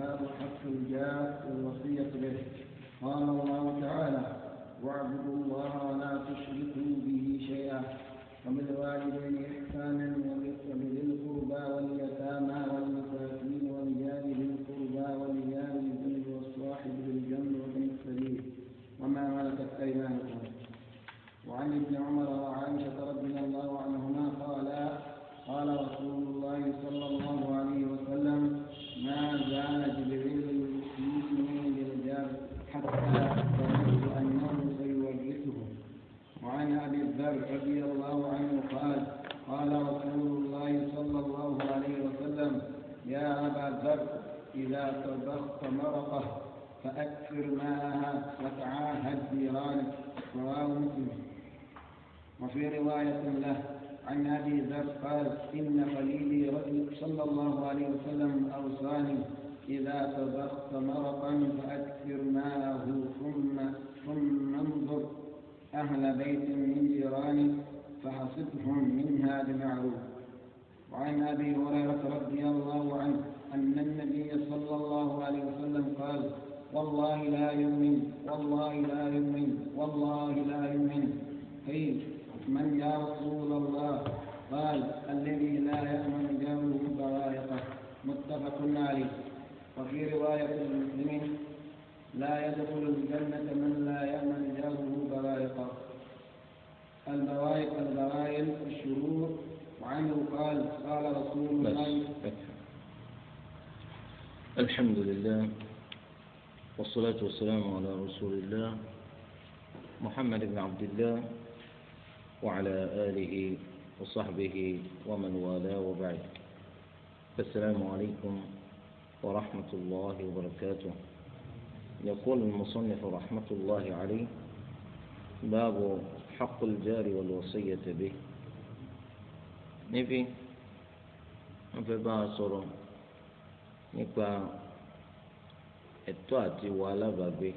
باب حق الجار والوصية به قال الله تعالى واعبدوا الله ولا تشركوا به شيئا وبالوالدين إحسانا وبذي القربى واليتامى وفي رواية له عن أبي ذر قال إن خليلي رجل صلى الله عليه وسلم أوصاني إذا طبخت مرقا فأكثر ماءه ثم ثم انظر أهل بيت من جيرانك فحصدهم منها بمعروف وعن أبي هريرة رضي الله عنه أن النبي صلى الله عليه وسلم قال والله لا يؤمن والله لا يؤمن والله لا يؤمن قيل من يا رسول الله قال الذي لا يأمن جاره ضرائقه متفق عليه وفي رواية لمسلم لا يدخل الجنة من لا يأمن جاره ضرائقه البرائق البرائل الشرور وعنه قال قال رسول الله الحمد لله والصلاة والسلام على رسول الله محمد بن عبد الله وعلى آله وصحبه ومن والاه وبعد السلام عليكم ورحمة الله وبركاته يقول المصنف رحمة الله عليه باب حق الجار والوصية به نبي في باصر نبا التواتي ولا بابي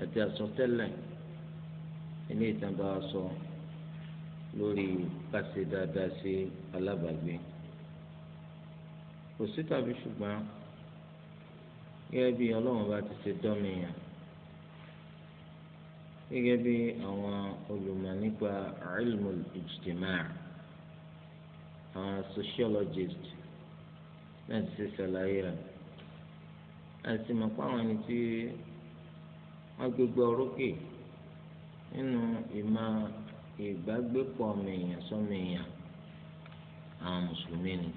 أتى ilé ìtàn bá wa sọ lórí kásẹ̀ dáadáa sí alábàágbé kò sí tàbí ṣùgbọ́n gẹ́gẹ́ bí ọlọ́run bá ti ṣe dọ́mìyàn gẹ́gẹ́ bí àwọn olùmọ̀ nípa ilmul ijtima' àwọn sociologist náà ti ṣe ṣàlàyé rẹ̀ àti mọ̀ àwọn ẹni tí wọ́n gbégbé orókè. nínú ìmọ̀ ìbágbépọ̀ ọmọnìyàn sọmọnìyàn àwọn mùsùlùmí ni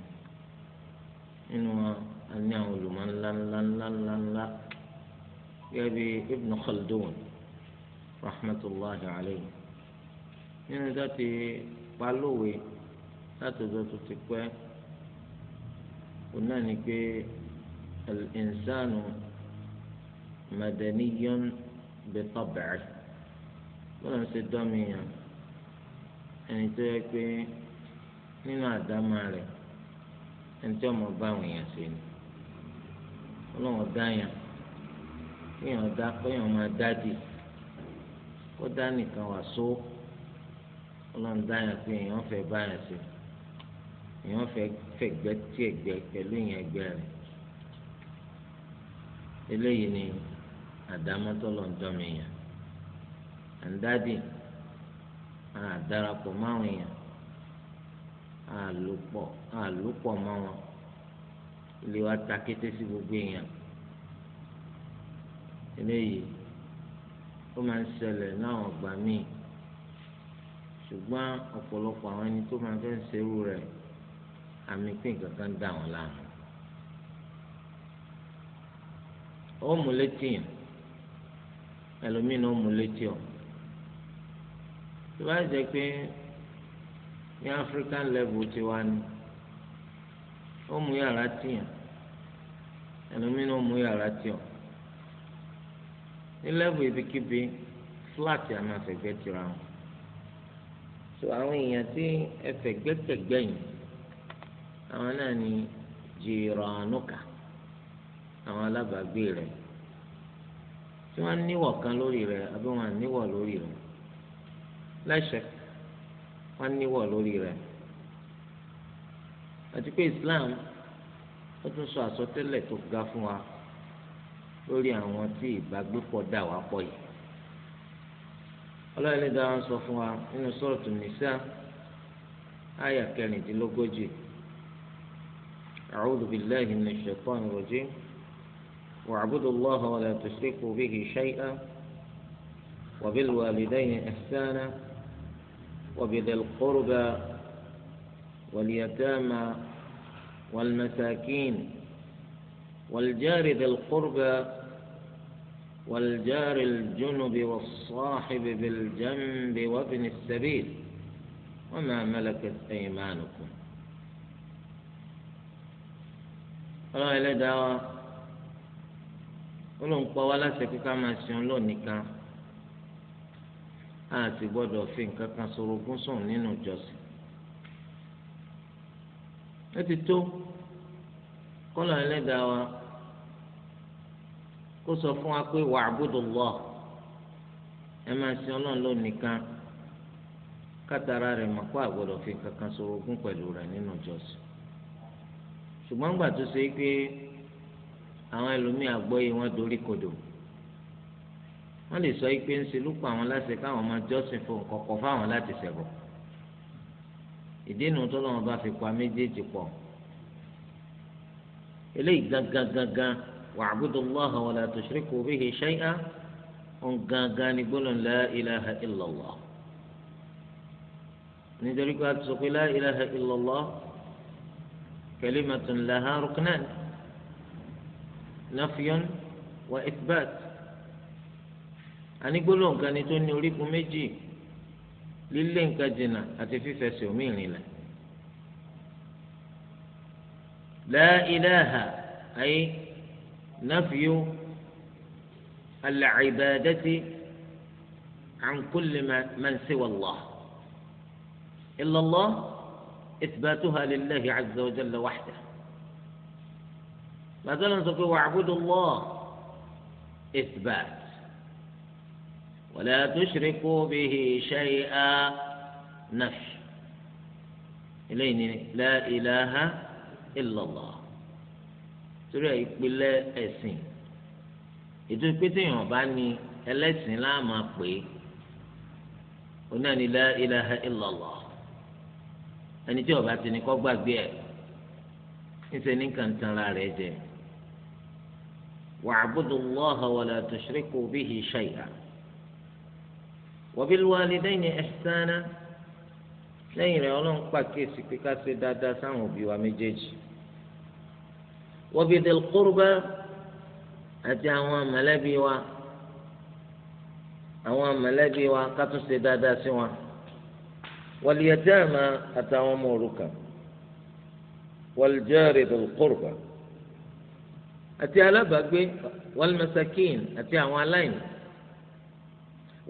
nínú wa a ní àwọn olùmọ̀ ńláńláńláńláńlá gẹ́gẹ́ bí Ibn Khaldun rahmatulahi alayhi nínú dáti palówe láti ọjọ́ tó ti pẹ́ òun náà ni pé al-insanu madaniyun tọ́ bẹ̀rẹ̀. bọ́lá ń ṣe dọ́mìyàn ẹni tó yẹ pé nínú àdámà rẹ̀ ẹni tí ọmọ bá àwọn èèyàn ṣe ni ọlọ́wọ́n dáyàn kéèyàn dá kéèyàn máa dádì kó dá nìkan wà só ọlọ́run dáyàn pé èèyàn fẹ́ báyàn ṣe èèyàn fẹ́ fẹ̀gbẹ́ tí ẹ̀gbẹ́ pẹ̀lú ìyẹn ẹgbẹ́ rẹ̀ eléyìí ni àdámọ́tọ́lọ́ ń dọ́mìyàn àǹdádì àdàràpọ̀ máwọn èèyàn àlòpọ̀ àlòpọ̀ máwọn ilé wa ta kété sí gbogbo èèyàn eléyìí ó máa ń ṣẹlẹ̀ láwọn ọgbà míì ṣùgbọ́n ọ̀pọ̀lọpọ̀ àwọn ẹni tó máa fẹ́ ń ṣerú rẹ̀ àmì pé nǹkan kan dà wọ́n láàmú. ó mú létí yàn ẹlòmíràn ó mú létí ọ̀hún tó bá jẹ́ pé ní African level ti wá ni ó mú yàrá tìyàn ẹlòmínú mú yàrá tìyàn ní level ibikíbi flat àmì àfẹ̀gbẹ́ tìra wọn so àwọn èèyàn tí ẹfẹ̀gbẹ́kẹ̀gbẹ́ yìí àwọn náà ni jìrọ̀nùkà àwọn alábàágbé rẹ̀ tí wọ́n níwọ̀ kan lórí rẹ̀ àbí wọ́n níwọ̀ lórí rẹ̀ láṣẹ wọn níwọ̀ lórí rẹ̀ àti pé Islam ó tún sọ àsọtẹ́lẹ̀ tó ga fún wa lórí àwọn tí ìbágbépọ̀ dà wá pọ̀ yìí ọlọ́run ní dáhùn sọ fún wa nínú sọ́ọ̀tù nìṣá àyà kẹrìndínlógójì a'udhu billahi minash shaitani rajim wa'budu allaha wa la tushriku bihi shay'an wa bil walidayni ihsana. وبذي القربى واليتامى والمساكين والجار ذي القربى والجار الجنب والصاحب بالجنب وابن السبيل وما ملكت أيمانكم ọlọ́run ẹlẹ́dàá wa ó ló كما pọ̀ wá láti ẹ̀kọ́ ká máa ṣeun lónìí kan a ti gbọdọ fi nǹkan kan sorogún sùn nínú ìjọsìn. ẹ ti tó kọ́lọ̀ ẹlẹ́dàá wa kó sọ fún wa pé wa'budullah ẹ máa sin ọlọ́run ló nìkan kátàrà rẹ̀ mọ̀ pé a gbọ́dọ̀ fi nǹkan kan sorogún pẹ̀lú rẹ̀ nínú ìjọsìn. ṣùgbọ́n gbà tó ṣe pé àwọn wọn dorí kodò. wọ́n lè sọ pé ń ṣe lúpọ̀ àwọn láṣẹ káwọn máa jọ́sìn fún kọ̀kọ̀ fáwọn láti ṣẹ̀bọ̀ ìdínú tó lọ́wọ́ bá fi pa méjèèjì pọ̀ eléyìí gangan gangan wa'budu Allaha wa la tushriku bihi shay'an òun gangan ni gbólóhùn la ilaha illallah nítorí pé a ti sọ pé la ilaha illallah kalimatun laha ruknan nafyun wa anigbólóhùn kan ni tó ní orígun méjì lílé nǹkan jìnnà àti fífẹsẹ̀ omi ìrìn la ilaha ay nàfíyó al-ibadati an kulli man siwa Allah illa Allah ithbatuha lillahi azza wa jalla wahdah. màtọ́lá ń sọ pé wa'budu Allah ithbat. ولا تشركوا به شيئا نفي إليه لا إله إلا الله torí ìpìlẹ̀ ẹ̀sìn ètò ìpèsèyàn bá ní ẹlẹ́sìn láàmà pé onáni la ilaha illallah ẹni tí ọba ti ní kọ́ gbàgbé ẹ̀ níṣẹ́ ní kàńtàrà rẹ̀ jẹ́ wabilwalidayni ihsana lẹ́yìn rẹ̀ ọlọ́run pàkíyèsí pé ká ṣe dáadáa sáwọn òbí wa méjèèjì wabidil qurba àti àwọn mọ̀lẹ́bí wa àwọn mọ̀lẹ́bí wa ká tún ṣe dáadáa sí wọn wal yatama àtàwọn ọmọ òrukàn wal jari àti alábàágbé wal àti àwọn aláìní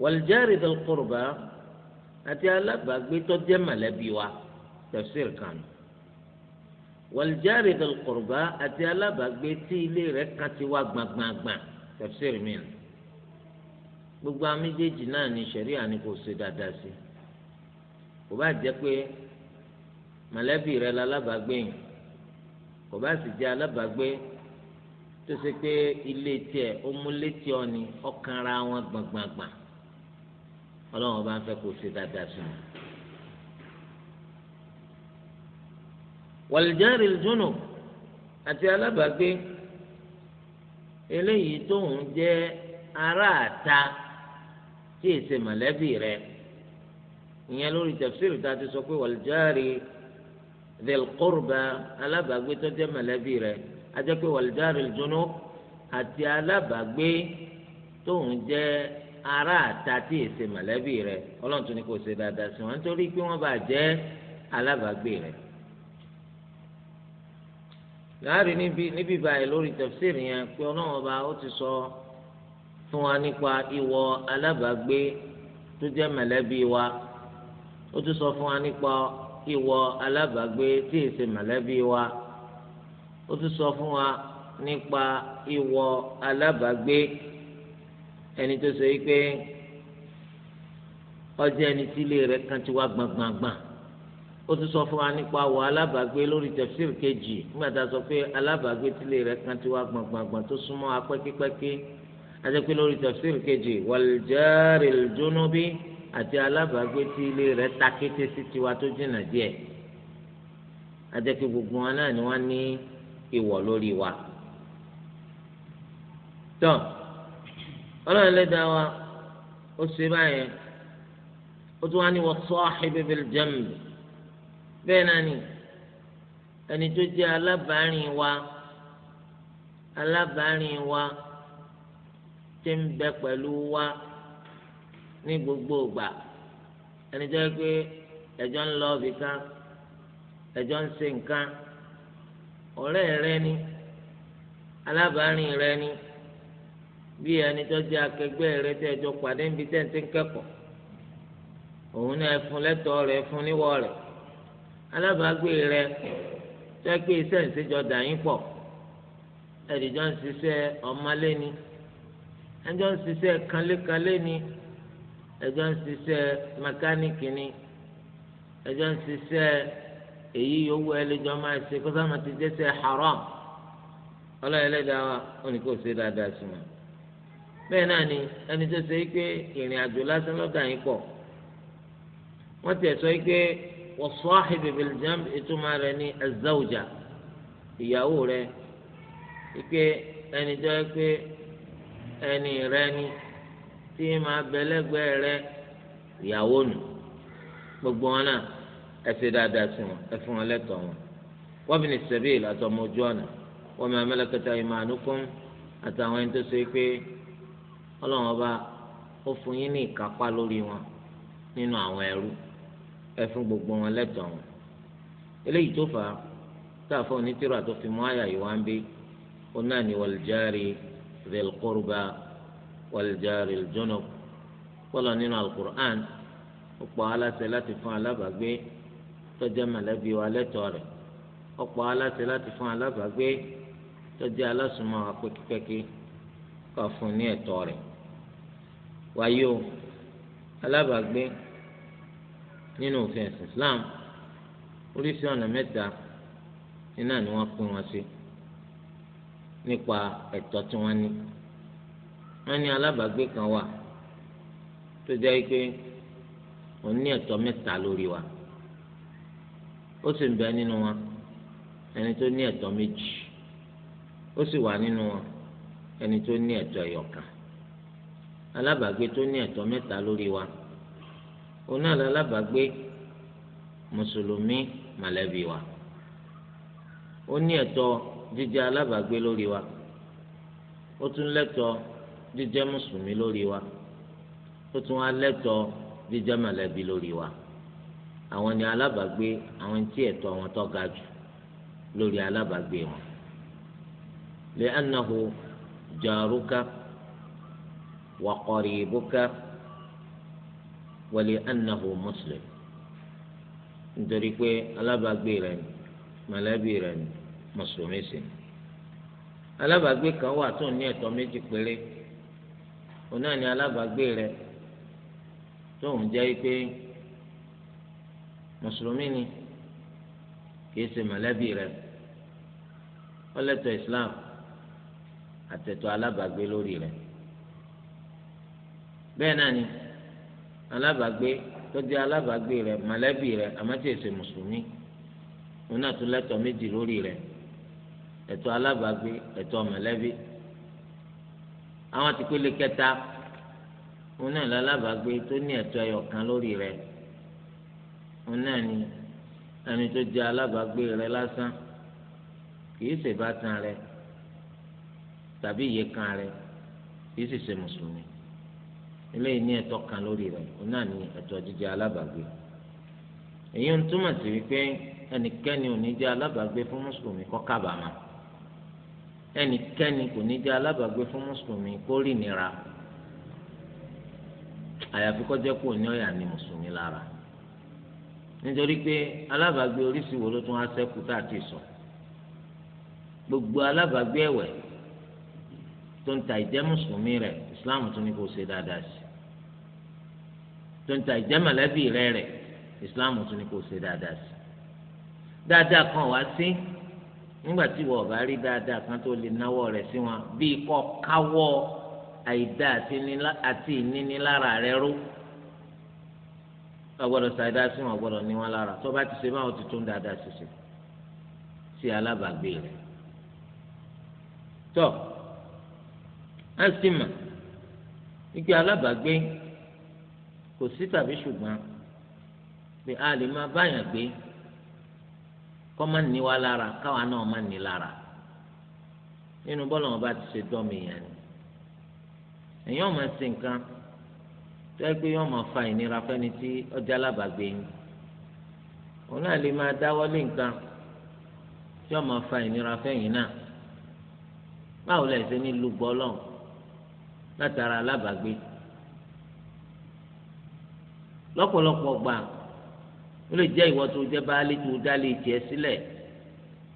wàlìjáre dal kọrọba àti alábàágbé tó jẹ́ mọ̀lẹ́bí wa tafsir kan wàlìjáre dal kọrọba àti alábàágbé tí ilé rẹ̀ kan ti wá gbàngbàngbàn tafsir mi gbogbo àwọn méjèèjì náà ni ṣẹ̀ríà ni kò ṣe dáadáa sí kò bá jẹ́ pé mọ̀lẹ́bí rẹ̀ lalábàágbé yìí kò bá sì jẹ́ alábàágbé tó ṣe pé ilé tiẹ̀ ó múlé tiọ́ ni ọkàn ara wọn gbọ̀ngbọ̀ngbọ̀n ọlọ́run bá ń fẹ́ kó ṣe dáadáa sí wọn. wàlìjáre ìdúnnù àti alábàágbé eléyìí tóun jẹ́ aráàta tí èsè mọ̀lẹ́bí rẹ̀ ìyẹn lórí tafsírì tá a ti sọ pé wàlìjáre dèlkórba alábàágbé tó jẹ́ mọ̀lẹ́bí rẹ̀ ajẹ́ pé wàlìjáre ìdúnnù àti alábàágbé tóun jẹ́ Ara àta tí èsè mọ̀lẹ́bí rẹ ọlọ́run tún ní kò ṣe dáadáa sí wọn nítorí pé wọ́n bá jẹ́ alábàágbé rẹ. láàrin níbi níbi báyìí lórí tafsir yẹn pé ọlọ́run ọba ó ti sọ fún wa nípa ìwọ alábàágbé tó jẹ́ mọ̀lẹ́bí wa ó tún sọ fún wa nípa ìwọ alábàágbé tí èsè mọ̀lẹ́bí wa ó tún sọ fún wa nípa ìwọ alábàágbé ẹni tó ṣe pé ọjọ́ ẹni tí ilé rẹ̀ kan ti wá gbọ̀ngbọ̀ngbọ̀n ó tún sọ fún wa nípa wọ alábàágbé lórí tẹfsir kejì nígbà tá a sọ pé alábàágbé tí ilé rẹ̀ kan ti wá gbọ̀ngbọ̀ngbọ̀n tó súnmọ́ apẹ́kípẹ́kí àti lórí tẹfsir kejì wàlìjẹ́rì jónúbí àti alábàágbé tí ilé rẹ̀ ta kété sí tiwa tó jìnnà díẹ̀ àti gbogbo wọn náà ni wọ́n ní ìwọ̀ lórí wa. tán. So, ọlọ́run ẹlẹ́dàá wa ó ṣe báyẹn ó tún wá ní wọ́n sahibi bil jamb bẹ́ẹ̀ náà ni ẹni tó jẹ́ alábàárìn wa alábàárìn wa ti ń bẹ pẹ̀lú wa ní gbogbo ìgbà ẹni tó yẹ pé ẹjọ́ ń lọ ibì kan ẹjọ́ ń ṣe nǹkan ọ̀rẹ́ rẹ ni alábàárìn rẹ ni. bí ẹni tó jẹ́ akẹgbẹ́ rẹ tẹ́ ẹjọ́ pàdé níbi tẹ́ ẹ ti ń kẹ́kọ̀ọ́ òun náà fún lẹ́tọ̀ọ́ rẹ fún níwọ̀ rẹ alábàágbé rẹ tẹ́ pé ìṣèjọ dàyín ń ọmọléni ń ni ń èyí yòówù máa ṣe kó sáà máa haram ọlọ́yẹlẹ́dàá wa ó ní kó ṣe dáadáa bẹ́ẹ̀ náà ni ẹni tó ṣe pé ìrìn àjò lásán lọ́dà yín pọ̀ wọ́n ti sọ pé was-sahibi bil-janb ìtumọ̀ rẹ̀ ní az-zawja ìyàwó rẹ̀ pé ẹni tó yẹ pé ẹni rẹ̀ ni tí máa bẹ rẹ̀ ìyàwó nù gbogbo wọn náà ẹ dáadáa sí wọn ẹ wọn lẹ́tọ̀ọ́ wọn wa ibni sabil àtọmọ ojú ọ̀nà wa ma malakat aymanukum ọlọ́run ọba ó fún yín ní ìkápá lórí wọn nínú àwọn ẹrú ẹ fún gbogbo wọn lẹ́tọ̀ọ́ wọn eléyìí tó fà á táàfọ onítìrọ àti òfin mọ àyà yìí wá ń bí ó náà ní wàlìjáre rẹlkọrùbà wàlìjáre jọnà pọlọ nínú alukur'an ó pa aláṣẹ láti fún alábàágbé tó mọ̀lẹ́bí wa lẹ́tọ̀ọ́ rẹ̀ ó pa aláṣẹ láti fún alábàágbé tó jẹ́ alásùnmọ́ wa fún ní ẹ̀tọ́ rẹ̀ wáyé o alábàágbé nínú òfin ẹ̀sìn Islam oríṣi ọ̀nà mẹ́ta iná ni wọ́n pín wọn sí nípa ẹ̀tọ́ tí wọ́n ní wọ́n ní alábàágbé kan wà tó jẹ́ pé òun ní ẹ̀tọ́ mẹ́ta lórí wa ó sì ń bẹ nínú wọn ẹni tó ní ẹ̀tọ́ méjì ó sì wà nínú wọn ẹni tó ní ẹ̀tọ́ ẹ̀yọ̀kan alábàágbé tó ní ẹ̀tọ́ mẹ́ta lórí wa òun náà lálábàágbé mùsùlùmí mọ̀lẹ́bí wa ó ní ẹ̀tọ́ jíjẹ́ alábàágbé lórí wa ó tún lẹ́tọ̀ọ́ jíjẹ́ mùsùlùmí lórí wa ó tún wá lẹ́tọ̀ọ́ jíjẹ́ mọ̀lẹ́bí lórí wa àwọn ni alábàágbé àwọn tí ẹ̀tọ́ wọn tó ga jù lórí alábàágbé wọn lẹ́ẹ̀náwó jàrúkà. وقريبك ولأنه مسلم nítorí pé alábàágbé rẹ ni mọ̀lẹ́bí rẹ ni mùsùlùmí sì ni alábàágbé kan wà tó ní ẹ̀tọ́ méjì péré òun náà ni alábàágbé rẹ tó ń jẹ́ pé mùsùlùmí ni kìí ṣe mọ̀lẹ́bí rẹ ọlẹ́tọ̀ islam àtẹ̀tọ̀ alábàágbé lórí rẹ̀. bẹ́ẹ̀ náà ni alábàágbé tó jẹ́ alábàágbé rẹ̀ mọ̀lẹ́bí rẹ̀ àmọ́ mùsùlùmí òun náà tún lẹ́tọ̀ọ́ méjì lórí rẹ̀ ẹ̀tọ́ alábàágbé ẹ̀tọ́ mọ̀lẹ́bí àwọn ti pélé kẹta òun náà lọ alábàágbé tó ní ẹ̀tọ́ ẹyọkan lórí rẹ̀ òun náà ni ẹni tó jẹ́ alábàágbé rẹ̀ lásán kìí ṣèbátan rẹ̀ tàbí kìí ṣe mùsùlùmí. eléyìí ní ẹ̀tọ́ kan lórí rẹ̀ òun náà ní ẹ̀tọ́ jíjẹ alábàágbé èyí ń túmọ̀ sí wípé ẹnikẹ́ni ò ní jẹ́ alábàágbé fún mùsùlùmí kó kábàámà ẹnikẹ́ni kò ní jẹ́ alábàágbé fún mùsùlùmí kó rí nira àyàfi kó jẹ́ kó ní ọ̀yà ní mùsùlùmí lára nítorí pé alábàágbé oríṣi wo ló tún á ṣẹ́kù tá a ti sọ gbogbo alábàágbé ẹ̀wẹ̀ tó ń ta ìjẹ́ mùsùlùmí rẹ̀ Islam tún ní kó ṣe dáadáa sí tó ń ta ìjẹ́ mọ̀lẹ́bí rẹ rẹ̀ islam tún ni kò ṣe dáadáa sí dáadáa kan wá sí nígbà tí wọ́n bá rí dáadáa kan tó lè náwó rẹ̀ sí wọn bíi kọ́ káwọ́ àìdá àti ìnínilára rẹ̀ ró ọgbọ́dọ̀ ṣàìdá sí wọn ọgbọ́dọ̀ ní wọn lára tó bá ti ṣe báwọn ti tún dáadáa ṣiṣẹ́ sí alábàgbé rẹ̀ tó a sì mà ike alábàgbé kò sí tàbí ṣùgbọ́n pé a lè máa báyàn gbé kọ́ máa ní wa lára káwa náà máa ní lára nínú bọ́ọ̀lù wọn bá ti ṣe dọ́mi yẹn ni èèyàn máa ṣe nǹkan tó yẹ pé yọ́n máa fa ìnira fẹ́ni tí ọjà alábàgbé yín òun náà lè máa dáwọ́lé nǹkan tí yọ́n máa fa ìnira fẹ́yìn náà báwo lẹ̀ ṣe ní lùgbọ́ lọ́hùn látara alábàgbé lọ́pọ̀lọpọ̀ gbà ó lè jẹ́ ìwọ tó jẹ́ baálé tó dálé tiẹ̀ sílẹ̀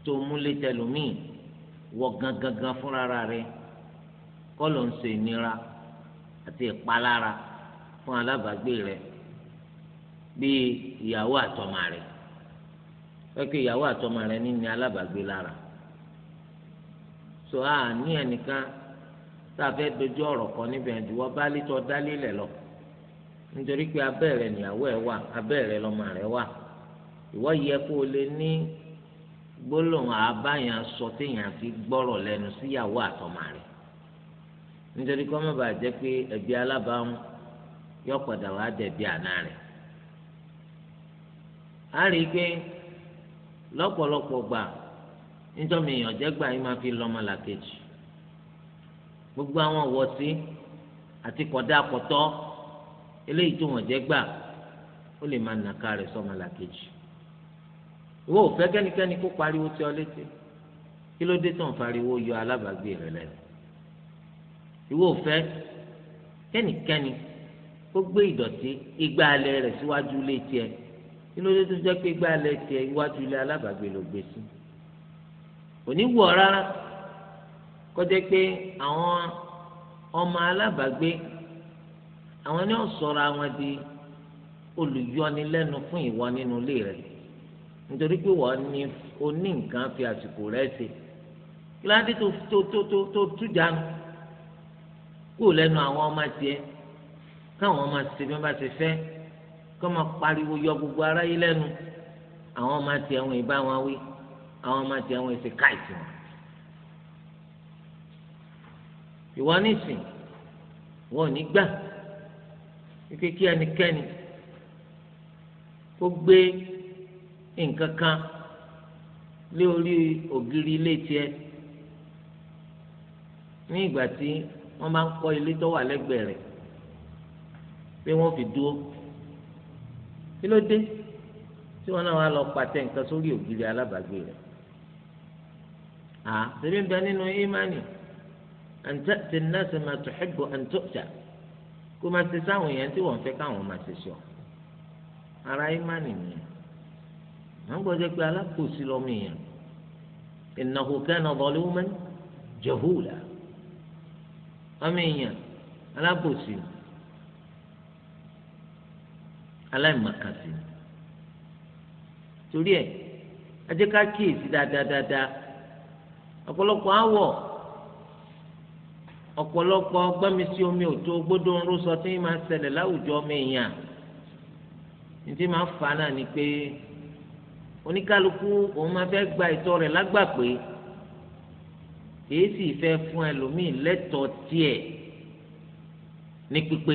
tó múlé tẹlómìn wọ gangan fúnra rẹ̀ kọ́ ló ń ṣe ìnira àti ìpalára fún alábàágbé rẹ̀ bíi ìyàwó àtọmọ rẹ̀ pẹ́kẹ́ ìyàwó àtọmọ rẹ̀ ní ní alábàágbé lára so a ní ẹnìkan tá a fẹ́ dojú ọ̀rọ̀ kan níbẹ̀ ju wọ́n bá lítọ́ dálé lẹ̀ lọ nítorí pé abeere rẹ̀ níyàwó ẹ̀ wà abẹ́ rẹ̀ lọ́mọ rẹ̀ wà ìwọ yẹ kó o lè ní gbólóhùn àbáyàn sọ téèyàn fi gbọ́rọ̀ lẹ́nu síyàwó àtọmọ rẹ̀ nítorí kọ́ mọ̀ bàa jẹ́ pé alábàáhùn yọ padà wá a rí i pé lọ́pọ̀lọpọ̀ gbà nítorí ìyànjẹ́ gbà yín máa fi lọ́mọ làkejì gbogbo àwọn wọ̀sí eléyìí tó wọ́n jẹ́ gbà ó lè máa nàka rẹ̀ sọ́mọ làkejì ìwọ ò fẹ́ kẹ́nikẹ́ni kó pariwo tí ọ létí kí ló dé tó ń fariwo yọ alábàágbé rẹ̀ lẹ́nu ìwọ ò fẹ́ kẹ́nikẹ́ni kó gbé ìdọ̀tí igbá alẹ́ rẹ̀ síwájú ilé tiẹ̀ kí ló dé tó jẹ́ pé igbá alẹ́ tiẹ̀ iwájú ilé alábàágbé ló gbé sí òní wù rárá kọjá pé àwọn ọmọ alábàágbé àwọn ni ó sọra wọn di olùyọnilẹ́nu fún ìwọ nínú ilé rẹ nítorí pé wọ́n ní oní nǹkan fi àsìkò rẹ ṣe kí ládé tó tó tó tó tó tújánu kó lẹ́nu àwọn ọmọ tiẹ̀ káwọn ọmọ tiẹ̀ bí wọ́n bá ti fẹ́ kó máa pariwo yọ gbogbo aráyé lẹ́nu àwọn ọmọ tiẹ̀ wọn ìbá wọn wí àwọn ọmọ tiẹ̀ wọn ìsìn káìsì wọn. ìwọ nísìn wọn ò ní gbà wípé kí ẹnikẹ́ni kó gbé nǹkan kan lé orí ògiri ilé tiẹ̀ ní ìgbà tí wọ́n bá ń kọ́ ilé tó wà lẹ́gbẹ̀ẹ́ rẹ̀ pé wọ́n fi dúró kí ló dé tí wọ́n náà wá lọ pàtẹ nǹkan sórí ògiri alábàgbé rẹ̀ à sẹbi ń bẹ nínú imani an ta'ti an-nasa ma tuhibbu an tu'ta kó máa ṣe sáwọn èèyàn tí wọ́n fẹ́ káwọn máa ṣe sọ ara yín má nìyẹn wọ́n gbọ́dọ̀ pé alákòóso lọ́mọ èèyàn innahu kana zaluman jahula ọmọ èèyàn alábòsí aláìmọ̀kàsí torí ẹ̀ ajẹ́ká kíyèsí dáadáa ọ̀pọ̀lọpọ̀ àwọ̀ ọ̀pọ̀lọpọ̀ gbẹ́mísí omi òtó gbódò ń rúsọ tí máa ń ṣẹlẹ̀ láwùjọ ọmọ èèyàn ní tí máa ń fà náà ni pé oníkálukú òun máa fẹ́ gba ìtọ́ rẹ̀ lágbà pé èyí sì fẹ́ fún ẹlòmíì lẹ́tọ̀ọ́ tiẹ̀ ní pípé.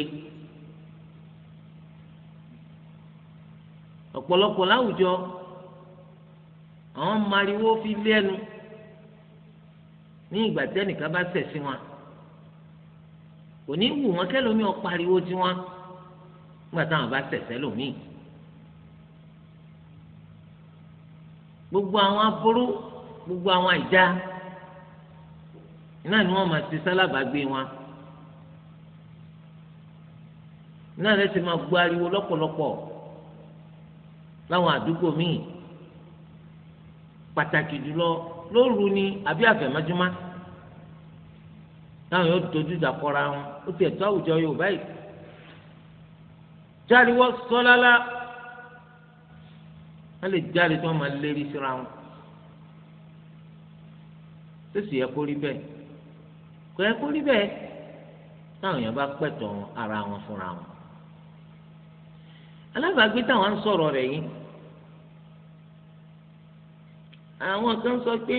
ọ̀pọ̀lọpọ̀ láwùjọ àwọn mariwo fi lé ẹnu ní ìgbà tẹ́nìkan bá ṣẹ̀ sí wọn kò ní wù wọn kẹlòmíì ó pariwo tí wọn nígbà táwọn bá ṣẹ̀ṣẹ̀ lòmíì gbogbo àwọn aburú gbogbo àwọn àìjá iná ni wọn máa ti sálábàágbé wọn iná lẹsẹ máa gbọ́ ariwo lọ́pọ̀lọpọ̀ láwọn àdúgbò míì pàtàkì jùlọ lóru ni àbí àfẹ̀mọ́júmọ́ táwọn yóò dojú ìjà kọra wọn ó ti ẹ̀tọ́ àwùjọ Yorùbá yìí járiwọ́ sọ́lálá wọ́n lè jáde tí wọ́n máa lérí síra wọn tó sì yẹ kó rí bẹ́ẹ̀ kò yẹ kó rí bẹ́ẹ̀ táwọn èèyàn bá pẹ̀tọ̀ ara wọn fúnra wọn alábàágbé táwọn ń sọ̀rọ̀ rẹ̀ yìí àwọn kan sọ pé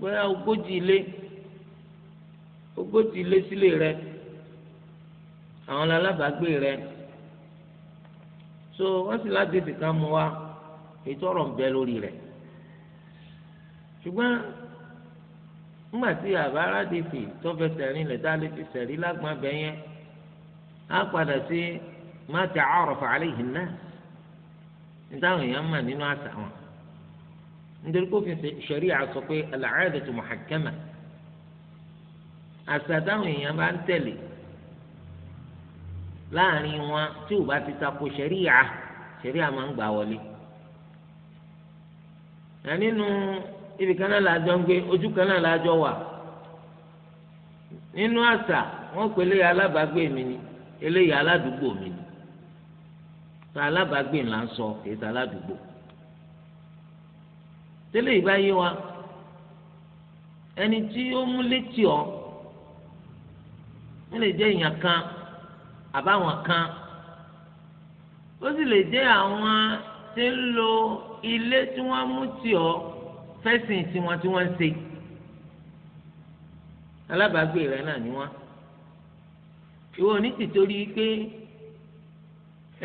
bóyá ogójì ilé ogójì ilé sílé rẹ àwọn alábàágbé rẹ so wọ́n sì láti tètè ká mọ wa ètò ọ̀rọ̀ ń bẹ lórí rẹ̀ ṣùgbọ́n nígbà tí àbára di fi tọ́fẹ́ sẹ̀rin lẹ̀ tá a lè fi sẹ̀rí lágbọ́n abẹ yẹn á padà sí má ti àárọ̀fà náà nítawọn èèyàn mà nínú àṣà nítorí kófin ṣẹ̀rí àsọ pé al-'adatu muhakkama àṣà táwọn èèyàn bá ń tẹ̀lé láàrin wọn tí ò bá ti tako ṣẹ̀ríà ṣẹ̀ríà máa ń gbà wọlé nínú ibi kan náà lájọ ń gbé ojú kan náà lájọ wà nínú àṣà wọn pe eléyà alábàágbé mi ni eléyà aládùúgbò mi ni tá alábàágbé là ń sọ kì í aládùúgbò tẹ́lẹ̀ ìbá yé wa ẹni tí ó mú létí ọ ó lè jẹ́ èèyàn kan àbáwọn kan ó sì lè jẹ́ àwọn tí ń lo ilé tí wọ́n mú tì ọ́ fẹ́sìn tiwọn tí wọ́n ń ṣe alábàágbé rẹ náà ni wọ́n ìwọ ní tìtorí pé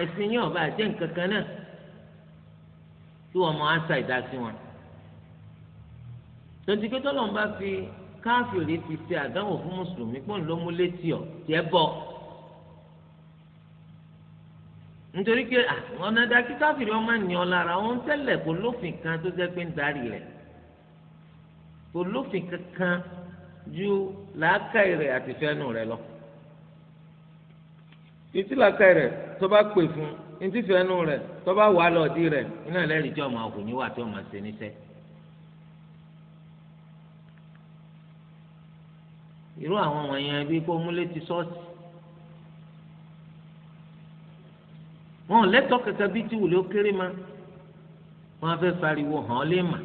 ẹ̀sìn yóò bá jẹ́ nǹkan kan náà tí wọ́n mọ̀ á ìdásí wọn. tontì pé tọ́lọ́mù bá fi káfíìrì ti ṣe àdánwò fún mùsùlùmí pọ̀ ló mú létí ọ̀ tiẹ̀ bọ̀ nítorí pé ọ̀nà dàkí káfíìrì ọmọ ènìyàn lára wọn tẹ́lẹ̀ kò lófin kan tó jẹ́ pé ń darí rẹ̀ kò lófin kankan ju làákàyè rẹ̀ àti fẹ́nu rẹ̀ lọ títí làákàyè rẹ̀ tó bá pè fún ní ti fẹ́nu rẹ̀ tó bá wà lọ́ọ̀dí rẹ̀ iná ẹlẹ́rìí tí ọmọ ọkùnrin wà tí ọmọ ṣe níṣẹ́. irú àwọn wọ̀nyẹn bí kó múlé ti ṣọ́ọ̀ṣì wọn ò lẹ́tọ̀ọ́ kẹkẹ bíi ti wùlé ó ma wọn fẹ́ fariwo hàn ọ́ lé mà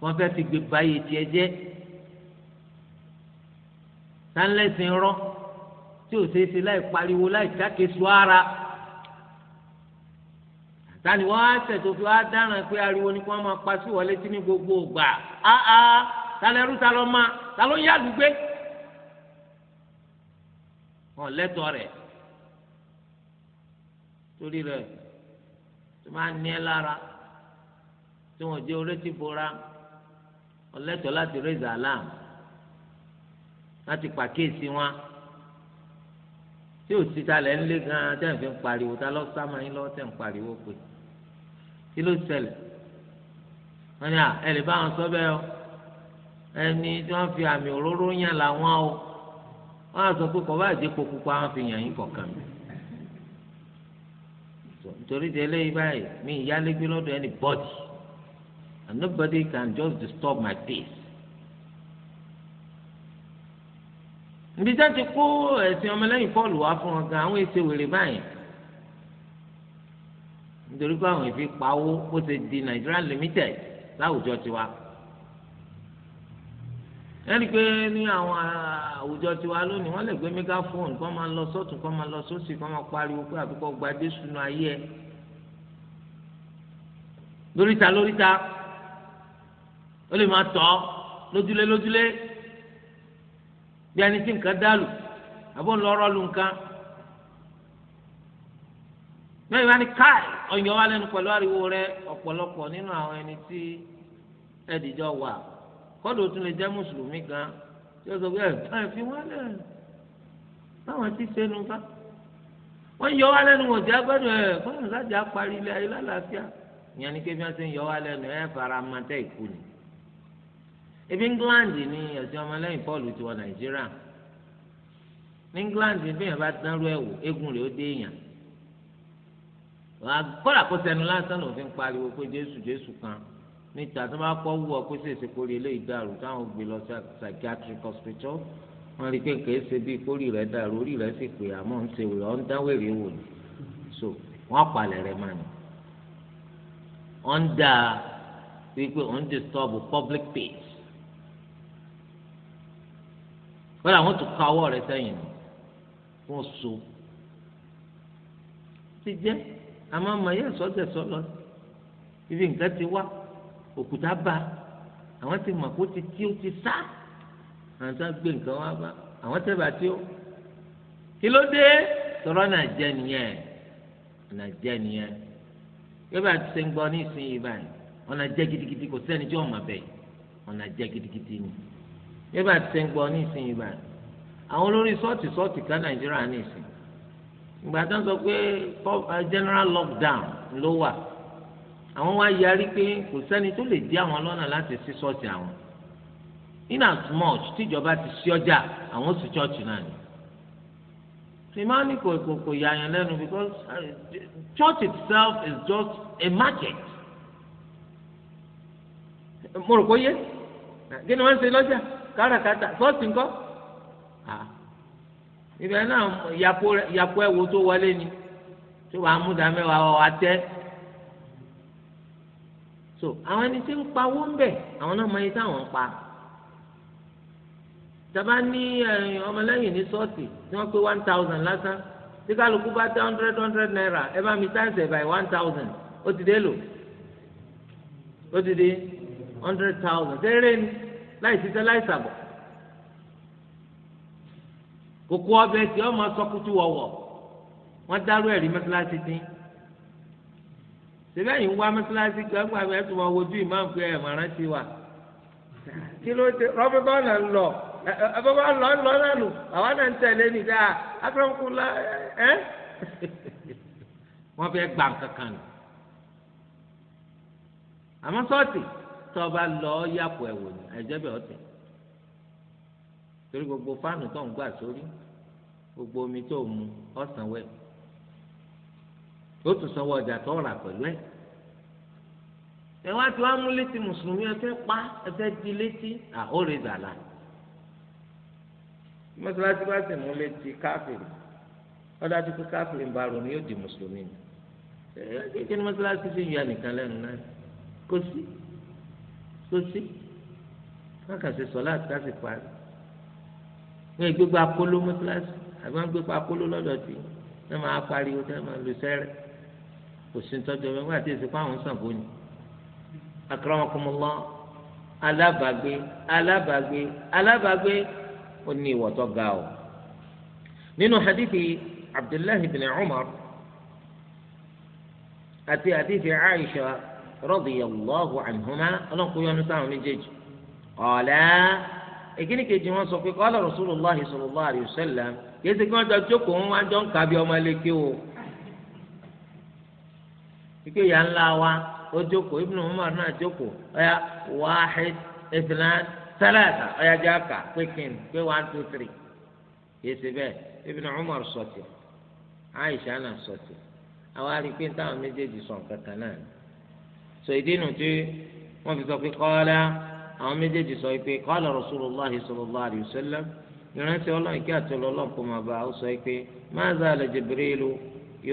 wọn fẹ́ fi gbé báyìí tiẹ̀ jẹ́ tánlẹ́sìn rọ́ tí ò ṣeé ṣe láì pariwo láì jáke sọ ara tani wọn á tẹ̀ tó fi dáràn pé ariwo ni kí wọ́n máa pa sí wọlé tí ní gbogbo ògbà áá talẹrú talọ ma talọ ń yàlùgbé wọn lẹtọ rẹ torí rẹ tó máa ní ẹ lára tí wọn jẹ orétí bora wọn lẹtọ láti rẹzà alam láti pàkíyèsí wọn tí ò sí talẹ ńlẹ ganan tẹ n fi ń pariwo ta lọ sáma yín lọ tẹ ń pariwo pé kí ló ṣẹlẹ̀ wọn ni à ẹ lè bá wọn sọ bẹ́ẹ̀ o ẹni tí wọ́n fi àmì òróró yàn làwọn o wọ́n á sọ pé kọ́ bá àdéko pupa wọ́n fi yàn yín kọ̀ọ̀kan mi nítorí tí eléyìí báyìí mi ìyálégbé lọ́dọ̀ ẹni bọ́dì and nobody can just disturb my peace. níbi tí wọ́n ti kó ẹ̀sìn ọmọlẹ́yìn Pọ́ọ̀lù wá fún wọn gan àwọn èsì wèrè báyìí nítorí pé àwọn ìfi pawó ó ti di Nigeria limited láwùjọ tiwa. ẹni pé ní àwọn àwùjọ tiwa lónìí le lè gbé mégafóònù kọ́ máa lọ sọ́tún kọ́ máa lọ sósì kọ́ máa pariwo pé gba ayé ẹ lóríta lóríta ó lè máa tọ́ lójúlé lójúlé bí ẹni tí nǹkan dàlù àbó ńlọrọ lu nǹkan lẹ́yìn wá ní káì ọ̀yàn wa lẹ́nu rẹ ọ̀pọ̀lọpọ̀ nínú àwọn ẹni tí ẹ̀dìjọ́ kọ́dọ̀ tún lè jẹ́ mùsùlùmí gan tí ó sọ pé ẹ̀ fi wọ́n lẹ̀ báwọn ti sẹ́nu bá wọ́n yọ wá lẹ́nu wọ̀n jẹ́ gbẹ́nu ẹ̀ fọ́nrán sájà parí ilé ayé lálàáfíà ìyẹn ni kébí wọ́n ti ń yọ wá lẹ́nu ẹ̀ fara mọ́tẹ́ ìkú ni ebi England ni ẹ̀sìn ọmọlẹ́yìn Paul ti wọ Nàìjíríà ní England bí yẹn bá dánrú ẹ̀wò eégún rẹ̀ ó dé èèyàn kọ́lá kó sẹnu lásán lòun fi ń pariwo pé Jésù Jésù kan níta tó máa kọ́ wú ọ pé ṣèṣe kórìí eléyìí dàrú táwọn gbé lọ sí psychiatric hospital wọ́n rí i pé kìí ṣe bí kórìí rẹ̀ dàrú orí rẹ̀ sì pé àmọ́ ń ṣe wèrè ọ̀ ń wò ni so wọ́n palẹ̀ rẹ̀ máa ní. wọ́n ń dà wípé òun disturb public peace wọ́n àwọn tó ka ọwọ́ rẹ̀ sẹ́yìn fún so ti jẹ́ àmọ́ àmọ́ yẹ́ sọ́jẹ̀ sọ́lọ́ ibi nǹkan ti wá. òkúta bá àwọn ti mọ̀ kó ti tí ó ti sá àwọn tó gbé nǹkan wá bá àwọn tẹ̀ bá tí ó kí ló dé tọrọ náà jẹ nìyẹn ọ̀nà jẹ nìyẹn yọba ti ṣe ń ní ìsinyìí báyìí ọ̀nà gidigidi kò sẹ́ni tí ọ̀mà bẹ̀ ọ̀nà gidigidi ni yọba ti ṣe ń gbọ́ ní ìsinyìí báyìí àwọn olórí sọ́ọ̀tì sọ́ọ̀tì ká nàìjíríà ní ìgbà tó ń uh, general lockdown ló àwọn wá yarí pé kò sẹ́ni tó lè dí àwọn lọ́nà láti ṣí ṣọ́ọ̀ṣì àwọn in as much tíjọba ti ṣí ọjà àwọn sì ṣọ́ọ̀ṣì náà ni simani kò kò kò yàyàn lẹ́nu because uh, church itself is just a market mo rò kó yé kí ni wọ́n ń ṣe lọ́jà káràkátà ṣọ́ọ̀ṣì ńkọ́ ibẹ̀ náà yàpò ẹ̀wò tó wọlé ni tó wàá múdàmẹ́wàá ọ̀ àtẹ́ so àwọn ẹni tí ń pawó ń bẹ̀ àwọn náà mọ ẹni táwọn ń pa tàbá ní eh, ọmọlẹ́yìn ní sọ́ọ̀tì tí wọ́n pé one thousand lásán tí kálukú bá tẹ hundred hundred naira ẹ bá mi times ẹ̀ by one thousand ó ti dé lò ó ti dé hundred thousand tẹ́rẹ́ ni láì sísẹ́ láì sàbọ̀ kókó ọbẹ̀ tí ọmọ sọkútù wọ̀wọ̀ wọ́n dárú ẹ̀rí mẹ́tíláṣí dín sibẹ́yìn ń wá mọ́sálásí gbàgbà bẹ́ẹ̀ tó máa wojú ìmáàmù pé ẹ̀ màrán ti wà. kí ló dé rọ́bí bá ọ̀nà ń lọ ẹ̀fọ́ bá lọ ń lọ náà nù àwa náà ń tẹ̀lé ní dáa akérèmọ́kù la ẹ́. wọ́n fẹ́ gbà kankan nù. àmọ́ sọ́ọ̀tì tó bá lọ yàpọ̀ ẹ̀wò ni ẹ̀jẹ̀ bẹ̀ ọ́ torí gbogbo fáànù tó ń gbà sórí gbogbo omi tó mu ọ̀sán wẹ̀ẹ́ yóò tún sanwó ọjà tó rà pẹ̀lú ẹ̀ ẹ wá tí wàá mú létí mùsùlùmí ẹ fẹ́ pa ẹ fẹ́ di létí àhóre dàlà mọ́sálásí bá sì mú létí káfíìrì ọ̀dájú pé káfíìrì ń ba rò ní yóò di mùsùlùmí ni kékeré mọ́sálásí fi yọ ẹnìkan lẹ́nu náà kò sí kò sí wọn kà sí sọlá àti káfíìrì parí wọn gbégbá polo mọ́sálásí àbí wọn gbégbá polo lọ́dọ̀ tí wọn máa pariwo tí wọn máa lu sẹ́rẹ̀ kò sí tọ́jú ọmọ ẹgbẹ́ àti ìsìnkú àwọn Ṣàngó ni akramakumullah alábàgbé alábàgbé alábàgbé ó ní ìwọ̀ tó ga o nínú hadithi Abdullahi bin Umar àti hadithi Aisha radiyallahu anhuma ọlọ́nkúyọ́ ní sáwọn méjèèjì ọ̀la ìkíni kejì wọn sọ pé qala Rasulullahi sallallahu alayhi wa sallam kí ẹsẹ̀ kí wọ́n jọ jókòó wọn jọ ń kà ọmọ ẹlẹ́kẹ́ o. ike ya ńlá wa o jókòó Ibn Umar náà jókòó ọ̀yà wáhid ìfìlán sálàtà ọ̀yà jaka àkà pé kí ni one two three kìí ṣe Umar sọ̀tì Aisha náà sọ̀tì àwọn arìnrìn táwọn méjèèjì sọ̀ kankan náà ni ìdí nu tí wọ́n fi sọ pé sọ pé kọ́lá Rasulullah sallallahu alayhi wa sallam ìrántí ọlọ́run kí ọlọ́run kò máa bá a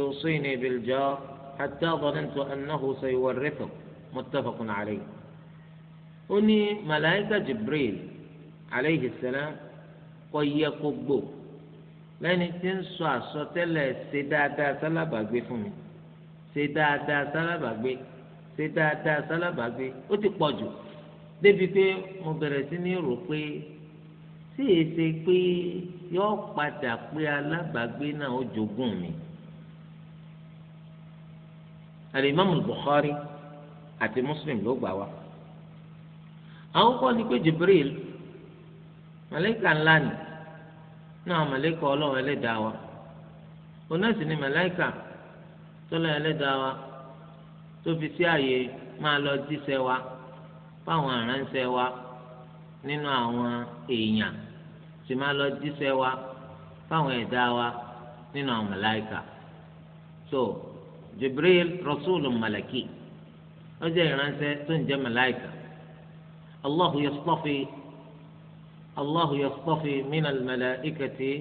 ó sọ حتى ظننت أنه سيورثه متفق عليه أني ملائكة جبريل عليه السلام قيقبوا lẹ́ni tí ń sọ àsọtẹ́lẹ̀ ṣe dáadáa sálábàgbé fún mi ṣe dáadáa sálábàgbé ṣe dáadáa sálábàgbé ó ti pọ̀ jù débi pé mo bẹ̀rẹ̀ sí ní rò pé sí èsè pé yọ padà pé alábàgbé náà ó jogún mi alimami Bukhari àti Muslim ló gbà wá àwọn kọ́ ni pé Jibril màlàíkà ńlá ni náà màlàíkà Ọlọ́run Ẹlẹ́dàá wa onẹsì ni màlàíkà tọlọ Ẹlẹ́dàá wa tó fi sí àyè máa lọ jíṣẹ́ wa fáwọn aránṣẹ́ wa nínú àwọn èèyàn sì máa lọ jíṣẹ́ wa fáwọn ẹ̀dá wa nínú àwọn màlàíkà so jibril rasul malaki ó jẹ́ ìránṣẹ́ tó ń jẹ́ malaika allahu yastafi allahu yastafi min almalaikati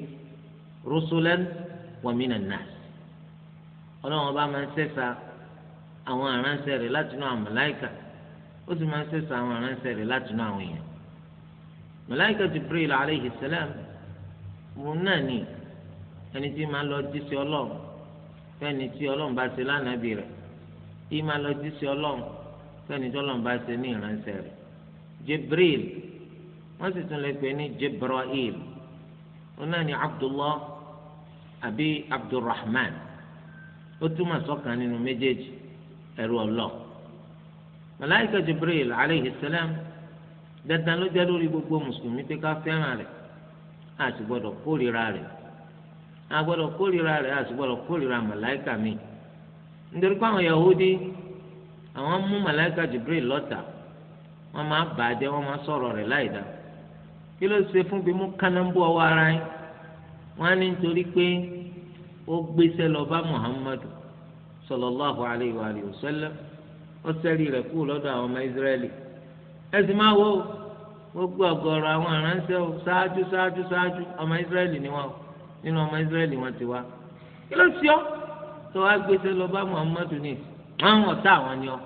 rusulan wa min annas ọlọ́run ọba máa ń ṣẹ̀ṣà àwọn aránṣẹ́ rẹ̀ látinú àwọn màláìkà ó sì máa ń ṣẹ̀ṣà àwọn aránṣẹ́ rẹ̀ látinú àwọn èèyàn. màláìkà Jibril alayhi salam òun náà ni ẹni tí máa lọ jíṣẹ́ ọlọ́run fẹ́ni tí ọlọ́run bá ṣe lánàbì rẹ̀ kí máa lọ jíṣẹ́ ọlọ́run fẹ́ni tí ọlọ́run bá ṣe ní ìránṣẹ́ rẹ̀ jibril wọ́n sì tún lè pè ní jibril ni abdullah àbí abdulrahman ó túmọ̀ sọ́kàn nínú méjèèjì ẹ̀rù ọlọ́run màláìka jibril aleyhi salam dandan ló gbogbo mùsùlùmí pé ká fẹ́ràn rẹ̀ a gbọ́dọ̀ agbọdọ kórìíra rẹ̀ àti gbọ́dọ̀ kórìíra mi nítorí pé àwọn Yahudi àwọn mú màláìkà Jibril lọta wọ́n máa bàjẹ́ wọ́n máa sọ̀rọ̀ rẹ̀ láìda kí ló ṣe fún bí mú kánábù ara á ní nítorí pé Muhammadu sallallahu alayhi wa alihi wa sallam ó sẹ́rí kú àwọn ọmọ Israẹli máa gbogbo àwọn ṣáájú nínú ọmọ Ísírẹ́lì wọn ti wá kí ló ṣe ọ́ tó wá gbèsè lọ bá Muhammadu ní àwọn ọ̀tá àwọn ni ọ́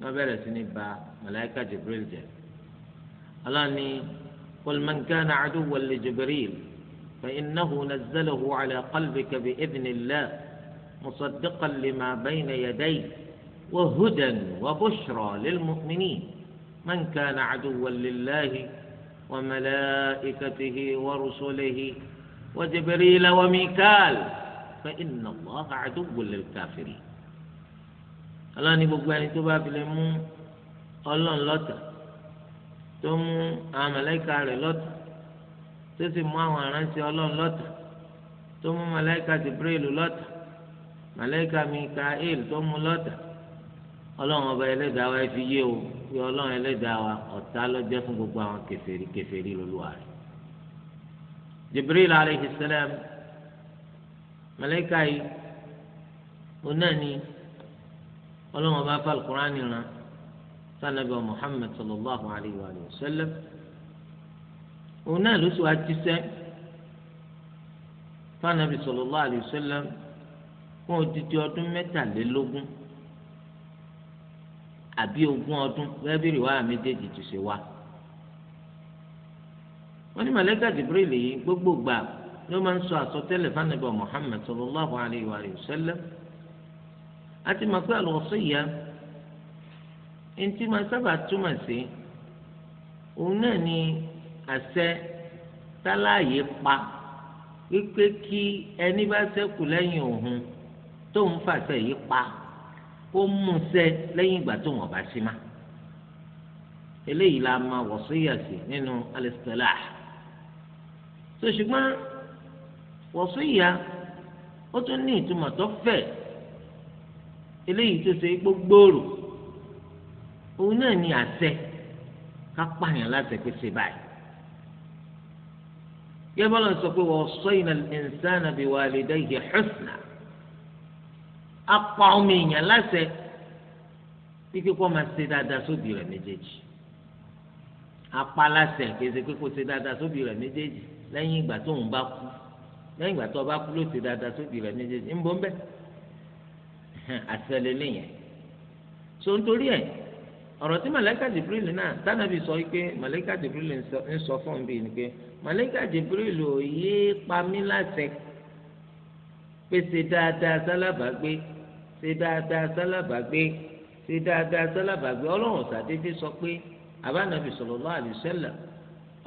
wọ́n bẹ̀rẹ̀ sí ní ba màláíkà Jibril jẹ́ aláàní qul man kana aduwwan Jibril fa innahu nazzalahu ala qalbika bi idhnillah musaddiqan lima bayna yadayhi wa hudan wa bushra lil mu'minin man kana وجبريل وميكال فإن الله عدو للكافرين ọlọ́ni gbogbo ẹni tó bá fi lè mú ọlọ́run lọ́tà tó mú àwọn mọ̀lẹ́kà rẹ̀ lọ́tà tó sì mú àwọn aránṣẹ́ ọlọ́run lọ́tà tó mú mọ̀lẹ́kà Jibrilu lọ́tà mọ̀lẹ́kà Mikael tó mú lọ́tà ọlọ́run ọba ẹlẹ́dàá wa fi yé o pé ọlọ́run ẹlẹ́dàá wa ọ̀tá lọ́jọ́ fún gbogbo àwọn kèfèrí kèfèrí lóluwà rẹ̀ jibril alayhi salam mẹlẹka yìí ó náà ní ọlọ́wọ́n bá fa alukur'an nìran sanabi muhammed sallallahu alayhi wa sallam ó náà ló sọ àtisẹ́ fanabi sallallahu alayhi wa sallam fún odidi ọdún mẹ́tàlélógún àbí ogún ọdún gẹ́gẹ́ bí rìwáyà méjèèjì ti ṣe wá wọ́n ní màlẹ́kà jibril yìí gbogbo gbà ni wọ́n máa ń sọ àsọtẹ́lẹ̀ fanabi muhammed sallallahu alayhi wa sallam àti màkú àlùwọ̀sọ̀yà ntí máa sábà túmọ̀ sí òun náà ni àṣẹ táláàyè pa wípé kí ẹni bá ṣẹ́kù lẹ́yìn òun tóun fàṣẹ yìí pa kó mú ṣẹ lẹ́yìn ìgbà tóun ọ̀bá sí ma eléyìí la máa wọ̀sọ̀yà sí nínú al-istilah so ṣùgbọ́n wọ̀síyà ó tún ní ìtumọ̀ tó fẹ̀ eléyìí tó ṣe gbogbooro òun náà ní àṣẹ ká pààyàn láti pé ṣe báyìí yẹ́bọ́lá sọ pé waṣṣayna al-insana biwalidayhi husna apá ọmọ èèyàn láṣẹ pípé kó máa ṣe dáadáa sóbì rẹ̀ méjèèjì apá láṣẹ kì í ṣe kó ṣe dáadáa sóbì rẹ̀ méjèèjì lẹ́yìn ìgbà tó ń bá kú lẹ́yìn ìgbà tó bá kú ló ti dáadáa sóbì rẹ̀ méjèèjì ń bọ́ ń bẹ́ àtẹlẹ lẹ́yìn so nítorí ẹ̀ ọ̀rọ̀ tí màlẹ́kà Jibril náà tánàbì sọ pé màlẹ́kà jìbìrìlì ń sọ fún mi ni pé màlẹ́kà jìbìrìlì ò yé pamí láṣẹ pèsè dáadáa sálábàgbé ṣe dáadáa sálábàgbé ṣe dáadáa sálábàgbé ọlọ́run ṣàdédé sọ pé àbánabi sallallahu alaihi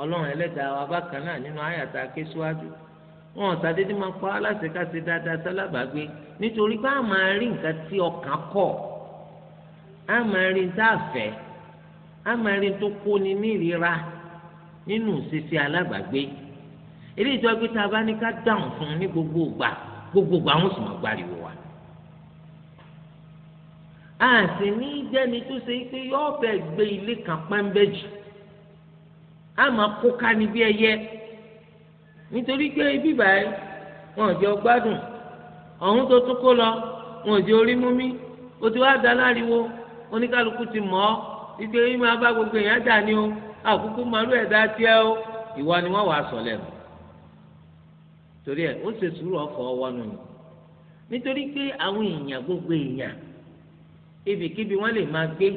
ọlọ́run ẹlẹ́dàá wa bákan náà nínú àyàtà ké síwájú wọn ò sàdédé máa pa aláṣẹ ká ṣe dáadáa sálábàágbé nítorí pé a máa rí nǹkan tí ọkàn kọ̀ a máa rí tá a fẹ́ a máa rí tó kóni ní ìríra nínú ṣíṣe alábàágbé ilé ìjọ gbé tá a bá ní ká dáhùn fún ní gbogbo ìgbà gbogbo ìgbà wọn sì máa gbariwo wa a jẹ́ni tó ṣe pé yọ́ọ́ gbé ilé kan pẹ́ńbẹ́ á máa kó ká ní bí ẹyẹ nítorí pé ibi báyìí wọn ò jẹ ọgbádùn ọ̀hún tó tún kó lọ wọn ò jẹ orí mú mi o ti wá da láriwo oníkálukú ti mọ̀ ọ́ ike yìí máa bá gbogbo èèyàn dà ní o àkókò màálù ẹ̀dá tiẹ́ o ìwà ni wọ́n wàá sọ lẹ́nu torí ẹ̀ ó ṣe sùúrù ọ̀fọ̀ wọnú ni nítorí pé àwọn èèyàn gbogbo èèyàn ibikíbi wọ́n lè máa gbé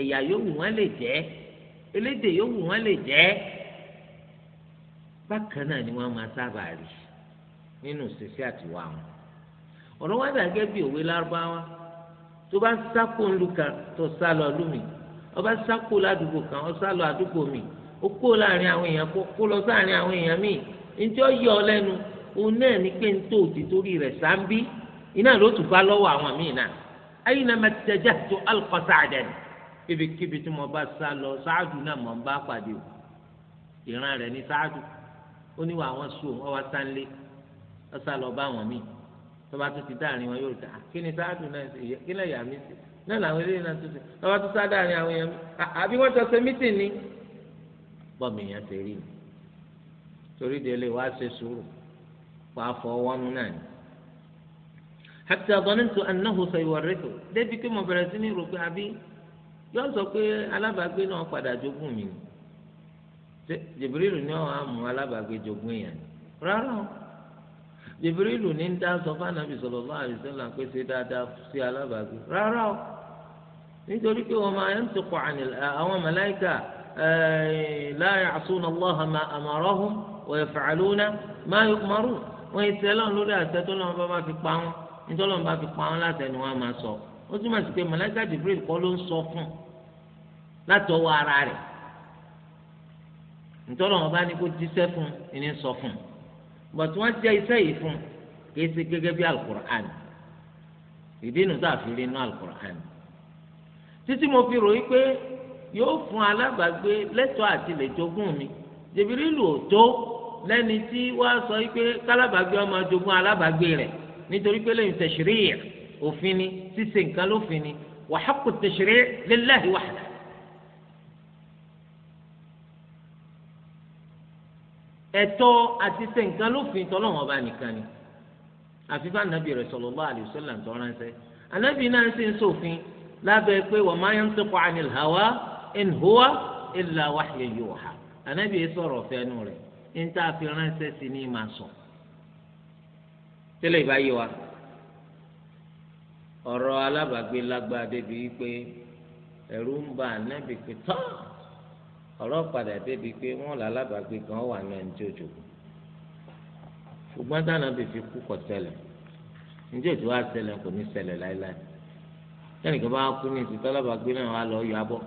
ẹ̀yà yòówù wọ́n lè jẹ́ elede yòówù wọn lè jẹ́ bákan náà ni wọ́n máa sábà rí nínú ṣíṣe àtiwá wọn ọ̀rọ̀ wọn dàgẹ́ bí òwe lárúbáwá tó bá ń sáko ńlu kan tó sá lọ lómi ọba sáko ládùúgbò kan ó sá lọ àdúgbò mi ó kó láàrin àwọn èèyàn kó lọ sáàrin àwọn èèyàn míì njẹ́ ó yọ ọ lẹ́nu òun náà ní pé ń tó òtì torí rẹ̀ sáńbí iná ló tún bá lọ́wọ́ àwọn míì náà ayé tó alùpàṣà kíbikíbi tí mo bá sá lọ sáàdù náà mo ń bá pàdé o ìran rẹ̀ ní sáàdù ó ní wà wọ́n sùn ọwọ́ sánlé ó sá lọ bá wọn míì tó bá tún ti dáàrin wọn yóò dà kí ni sáàdù náà kí ni ẹ̀yà mi sí náà làwọn eléyìí náà tún ṣe tó bá tún sá dáàrin àwọn èèyàn mi àbí wọ́n jọ mítìn ni bọ́ọ̀mù èèyàn ti rí mi torí délé wàá ṣe sùúrù wàá fọwọ́ mú náà ni hatta dhanantu annahu sayuwarrithu débi pé mo bẹ̀rẹ̀ yóò sọ pé alábàágbé náà padà jogún mi jìbìrìlù ni wọn á mú alábàágbé jogún èèyàn rárá o jìbìrìlù ń dá sọ fánàbì sallallahu alaihi wasallam pé ṣe dáadáa sí alábàágbé rárá nítorí pé wọn máa ń àwọn eh, ma látọwọ́ ara rẹ̀ ntọ́lọ́ wọn bá ní kó jíṣẹ́ fún ẹni sọ fún bàtú wọn jẹ́ iṣẹ́ yìí fún kìí ṣe gẹ́gẹ́ bí alukur'an ìdí inú tá a fi rí inú alukur'an títí mo fi ròyìn pé yóò fún alábàágbé lẹ́tọ̀ọ́ àti lè jogún mi jìbìrìlù ò tó lẹ́ni tí wàá sọ pé kálábàágbé ọmọ jogún alábàágbé rẹ̀ nítorí pé lẹ́yìn tẹ̀sírí òfin ni ṣíṣe nǹkan lófin ni wa tẹ̀sírí lillahi wahda ẹ̀tọ́ àti ṣe nǹkan lófin tọ́lọ́wọ́n ọba nìkan ni àfi bá anabi rẹ̀ sallallahu alaihi wasallam tó ránṣẹ́ anabi náà ṣe ń ṣòfin lábẹ́ pé wa ma yantiqu anil hawa in huwa illa wahyun yuha anabi yẹn sọ̀rọ̀ fẹ́nu rẹ̀ ń tá a fi ránṣẹ́ sí ní máa sọ tẹ́lẹ̀ ìbáyé wa ọ̀rọ̀ alábàgbé lágbàá débi wípé ẹ̀rù ń ba anabi pé tán ọ̀rọ̀ padà débi pé wọ́n là alábàágbé kan wà náà ní tí ó jòkó ṣùgbọ́n dáná bíi fi kú kọ̀ tẹ́lẹ̀ njẹ́ ètò wa ṣẹlẹ̀ kò ní ṣẹlẹ̀ láéláé tẹ́nìkan bá kú ní ìsìtọ́ alábàágbé náà wà lọ́ọ́ yọ abọ́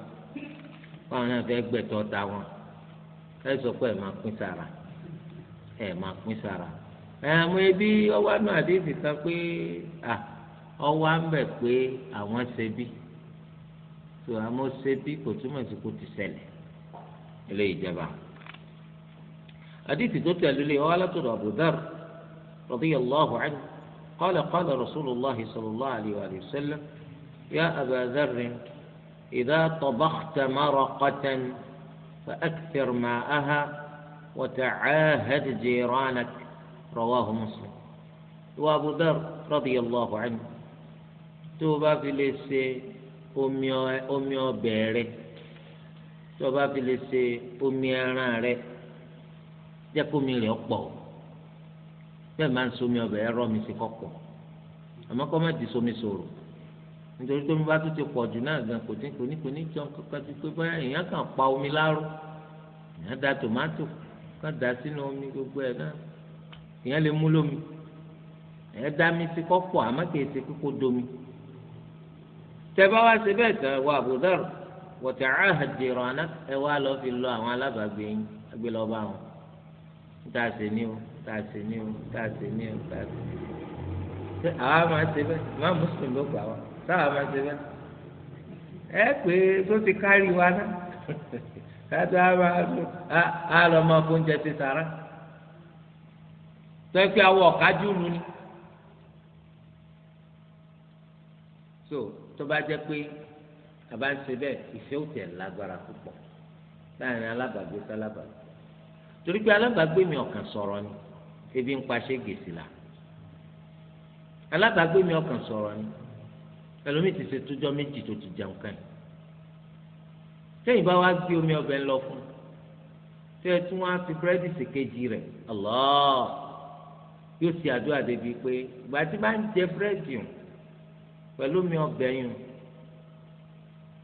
báwọn náà fẹ́ gbẹ̀tọ́ ta wọn ẹ sọ pé ẹ máa pín sára ẹ máa pín sára àwọn ẹbí ọwọ́ náà àdéhìí kan pé ọwọ́ ń bẹ̀ pé àwọn ṣe bí tó àmọ́ ṣe bí kò túmọ̀ sí kò ti ṣẹlẹ̀ ilé ìjẹba àdìsí tó tẹ̀lé lé wọn alátọ̀dọ̀ Abu Dharr radiyallahu anhu qala qala rasulullahi sallallahu alayhi wa sallam ya Aba Dharr idha tabakhta maraqatan fa'akthir ma'aha wa ta'ahad jiranak rawahu Muslim wa Abu Dharr radiyallahu anhu tó o bá fi lè ṣe omi ọbẹ̀ rẹ̀. tí o bá fi lè ṣe omi ẹran rẹ jẹ́ kó omi rẹ̀ pọ̀ bẹ́ẹ̀ máa ń somi ọbẹ̀ ẹ̀rọ mi sí kọ́pọ̀ àmọ́ kọ́ má di somi sòrò nítorí tó ń bá tó ti pọ̀ jù náà gan kò ní kò ní kò ní jọ kankan ti pé báyà èèyàn kàn pa omi láró èèyàn da tòmátò kàn dà sínú omi gbogbo ẹ̀ náà èèyàn lè mú lómi èèyàn dá mi sí kọ́pọ̀ àmọ́ kì í ṣe kókó domi tẹ bá wá ṣe bẹ́ẹ̀ tán wà àbòdàrò wọ̀tẹ̀ráhà jìrọ̀nà ẹ wá lọ fi lọ àwọn alábàágbé yín ẹgbẹ́ lọ́ọ́ bá wọn tá a ṣe ní o tá a ṣe ní o tá a ṣe ní o tá a ṣe ní o. ṣé àwa máa ṣe bẹ́ẹ̀ máa mùsùlùmí ló gbà wá táwa máa ṣe bẹ́ẹ̀. ẹ pé tó ti kárí wa náà láti á lọ máa fóúnjẹ ti sàrà tó kí awọ ọ̀kájú ni. so tó bá jẹ́ pé àbá ń ṣe bẹ́ẹ̀ ìfẹ́ ò tẹ̀ lágbára púpọ̀ láàrin alábàgbé sálábàgbé torí pé alábàgbé mi ọ̀kan sọ̀rọ̀ ni ebi ń paṣẹ gèsì la alábàgbé mi ọ̀kan sọ̀rọ̀ ni ẹlòmíì ti ṣe tójọ́ méjì tó ti jẹun kàn yìí sẹ́yìn bá wá gbé omi ọbẹ̀ ńlọ fún tẹ́ ẹ tún wá fi búrẹ́dì ṣèkejì rẹ̀ Allah yóò ṣe àdúrà débi pé ìgbà tí bá ń jẹ búrẹ́dì pẹ̀lú omi ọbẹ̀ yùn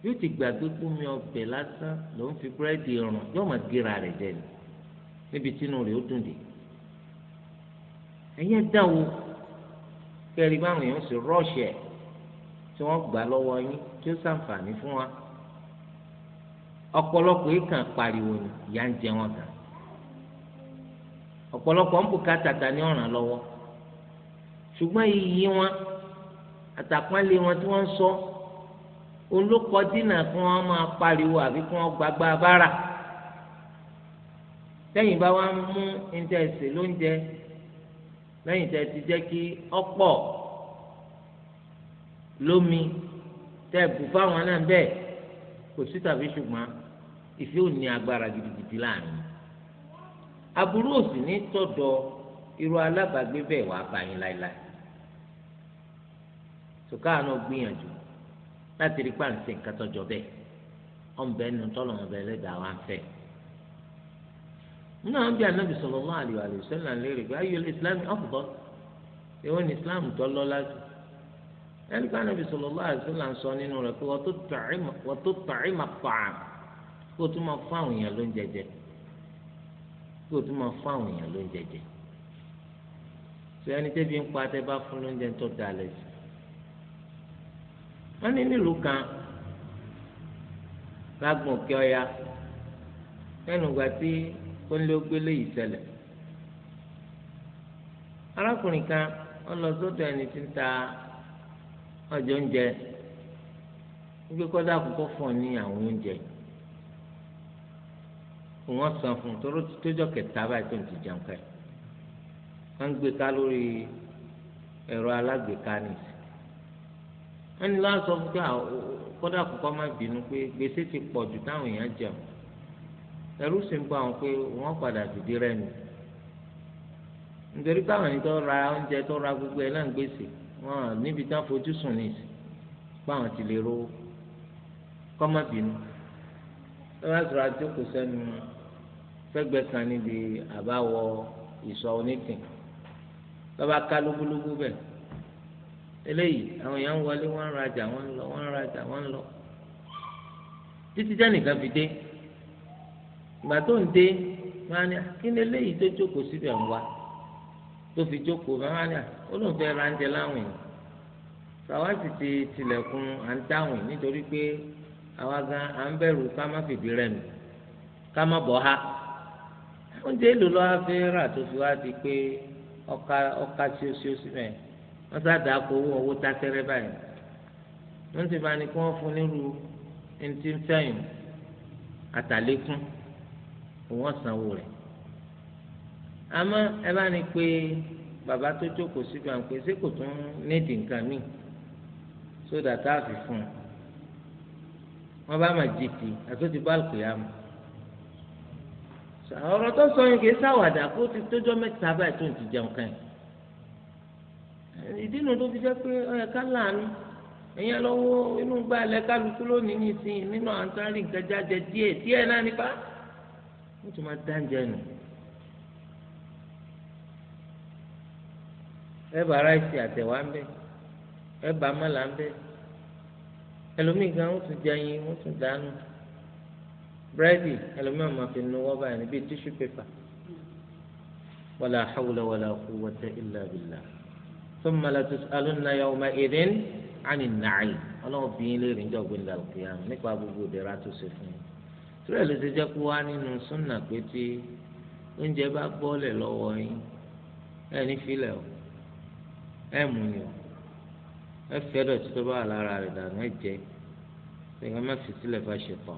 yóò ti gbàgbé kúmi ọbẹ̀ lásán ló ń fi búrẹ́dì rùn yóò máa gera rẹ̀ jẹ ni níbi tínú rẹ̀ ó dùn dé. ẹ̀yẹ́ dáwọ́ kẹ́rì báwọn èèyàn sì rọ́ọ̀ṣì ẹ̀ tí wọ́n gbà lọ́wọ́ yín tí ó ṣàǹfààní fún wa. ọ̀pọ̀lọpọ̀ èèkàn pariwo ni ìyá ń jẹ wọn gan. ọ̀pọ̀lọpọ̀ ń bùkà tàtà ní ọ̀ràn lọ́wọ́ ṣùgbọ́n iyì wọn àtàpọ́nlé wọn tí wọ́n ń sọ so, olókọ dínà kí wọ́n máa pariwo àbí kí wọ́n gbagba bára lẹ́yìn bá wá ń mú íńtẹ́ẹ̀sì lóúnjẹ lẹ́yìn tẹ́ ti jẹ́ kí ọ̀pọ̀ lómi tẹ́ bù fáwọn náà bẹ́ẹ̀ kò sí tàbí ṣùgbọ́n ìfẹ́ ò ní agbára gidigidi láàrin aburú òsì ní tọ̀dọ̀ irú alábàágbé bẹ́ẹ̀ wàá bá yín láéláé sùkáà náà gbìyànjú. So, láti rí pàǹsì nǹkan tọjọ bẹ́ẹ̀ ọmọbẹ nu tọlọmọbẹ lẹdàá wa ń fẹ́. nínú àwọn bí anábì sallallahu alaihi wa sallam lérè pé ayé islam ọ̀fọ̀ ìwọ ni islam tọ́ lọ́lá jù ẹni pé anábì sallallahu alaihi wa sallam sọ nínú rẹ̀ pé wọ́n tó tàrí mà pààm kó o tún máa fún àwọn èèyàn ló ń jẹjẹ kó o tún máa fún àwọn èèyàn ló ń sọ ẹni tẹ́bi ń pa tẹ́ bá fún lóúnjẹ tó dalẹ̀ sí wọ́n ní nílùú kan lágbọ̀n òkè ọya lẹ́nu ìgbà tí kónílógbélé yìí ṣẹlẹ̀ arákùnrin kan wọ́n lọ sọ́dọ̀ ẹni tí ń ta ọjọ́ oúnjẹ wípé kọ́ dáàbò fún ọ ní àwọn oúnjẹ san fún un tóró kẹta báyìí tó ń ti jẹun ká ẹ̀ ń gbé ká lórí alágbèéká ẹni lọ́wọ́ sọ fún pé ah, kódà kókó má bínú pé gbèsè ti pọ̀ jù táwọn èèyàn jẹun ẹrú sì ń bọ àwọn pé wọ́n padà dìde rẹ̀ nù nítorí táwọn ẹni tó ra oúnjẹ tó ra gbogbo ẹ̀ náà ń gbèsè wọn níbi tá fojú sùn ní ìsìn báwọn ti lè rówó kọ́ má bínú lọ́wọ́ sọ̀rọ̀ àjókòó sẹ́nu fẹ́gbẹ́ kan níbi àbáwọ ìsọ̀ onítìn lọ́ba ká lógúlógú bẹ́ẹ̀. eléyìí àwọn èèyàn ń wọlé wọ́n ń rajà lọ ń rajà títí fi dé ìgbà tó ń dé wọ́n ní kí ni eléyìí tó jókòó síbẹ̀ ń wá tó fi jókòó wọ́n ní olóńfẹ́ ránjẹ láwìn ti tilẹ̀kùn à ń dáwìn nítorí pé àwa gan à ń bẹ̀rù ká má fìdí rẹ̀ bọ̀ ha oúnjẹ èlò lọ́wọ́ fẹ́ rà tó fi wá di pé ọkà ọkà tí ó wọ́n sáàdà kó owó owó tásẹ́rẹ́ báyìí wọ́n ti bá ní kí wọ́n fún nírú ẹni tí ń fẹ́yìn àtàlékún òun ọ̀sánwó rẹ̀ àmọ́ ẹ bá ní pé bàbá tó jókòó síbi à ń pè é ṣé kò tún nídìí nǹkan míì sódà tá a fi fún un wọ́n bá máa jìtì àtúntì bá àlùkòyà mu ọ̀rọ̀ tó sọ yín kì í sáwàdà kó ti tójọ́ mẹ́ta báyìí tó ń ti jẹun kàn yín ìdí nu tó fi jẹ́ pé ọ̀yẹ̀ ká láàánú ẹ̀yìn lọ́wọ́ inú gba ilẹ̀ kálukú lónìí nìsín nínú àǹtárí nǹkan jáde díẹ̀ díẹ̀ náà nípa wọ́n tún máa dáńjẹ nù. ẹ bá ráìsì àtẹ̀wá ń bẹ ẹ bá mọ́là ń bẹ ẹlòmíì gan wọ́n tún jẹyìn wọ́n tún dànù búrẹ́dì ẹlòmíì máa fi nu wọ́n báyìí níbi tíṣù pépà wàlà hàwùlà wàlà kúwwata ìllà billah. ثم لا لتسألن يومئذ عن النعيم ọlọ́run fi yín léèrè níjọ́ gbé lálùkìyàmù nípa gbogbo ìdẹ̀ra tó ṣe fún yín tírẹ̀ ló ti jẹ́ kó wá nínú súnà pé tí oúnjẹ bá bọ́ọ̀lẹ̀ lọ́wọ́ yín ẹ ní o ẹ mú ni o ẹ fẹ́ dọ̀tí tó bá wà lára rẹ̀ dànù ẹ jẹ ẹ̀ka má fi sílẹ̀ fà ṣe pọ̀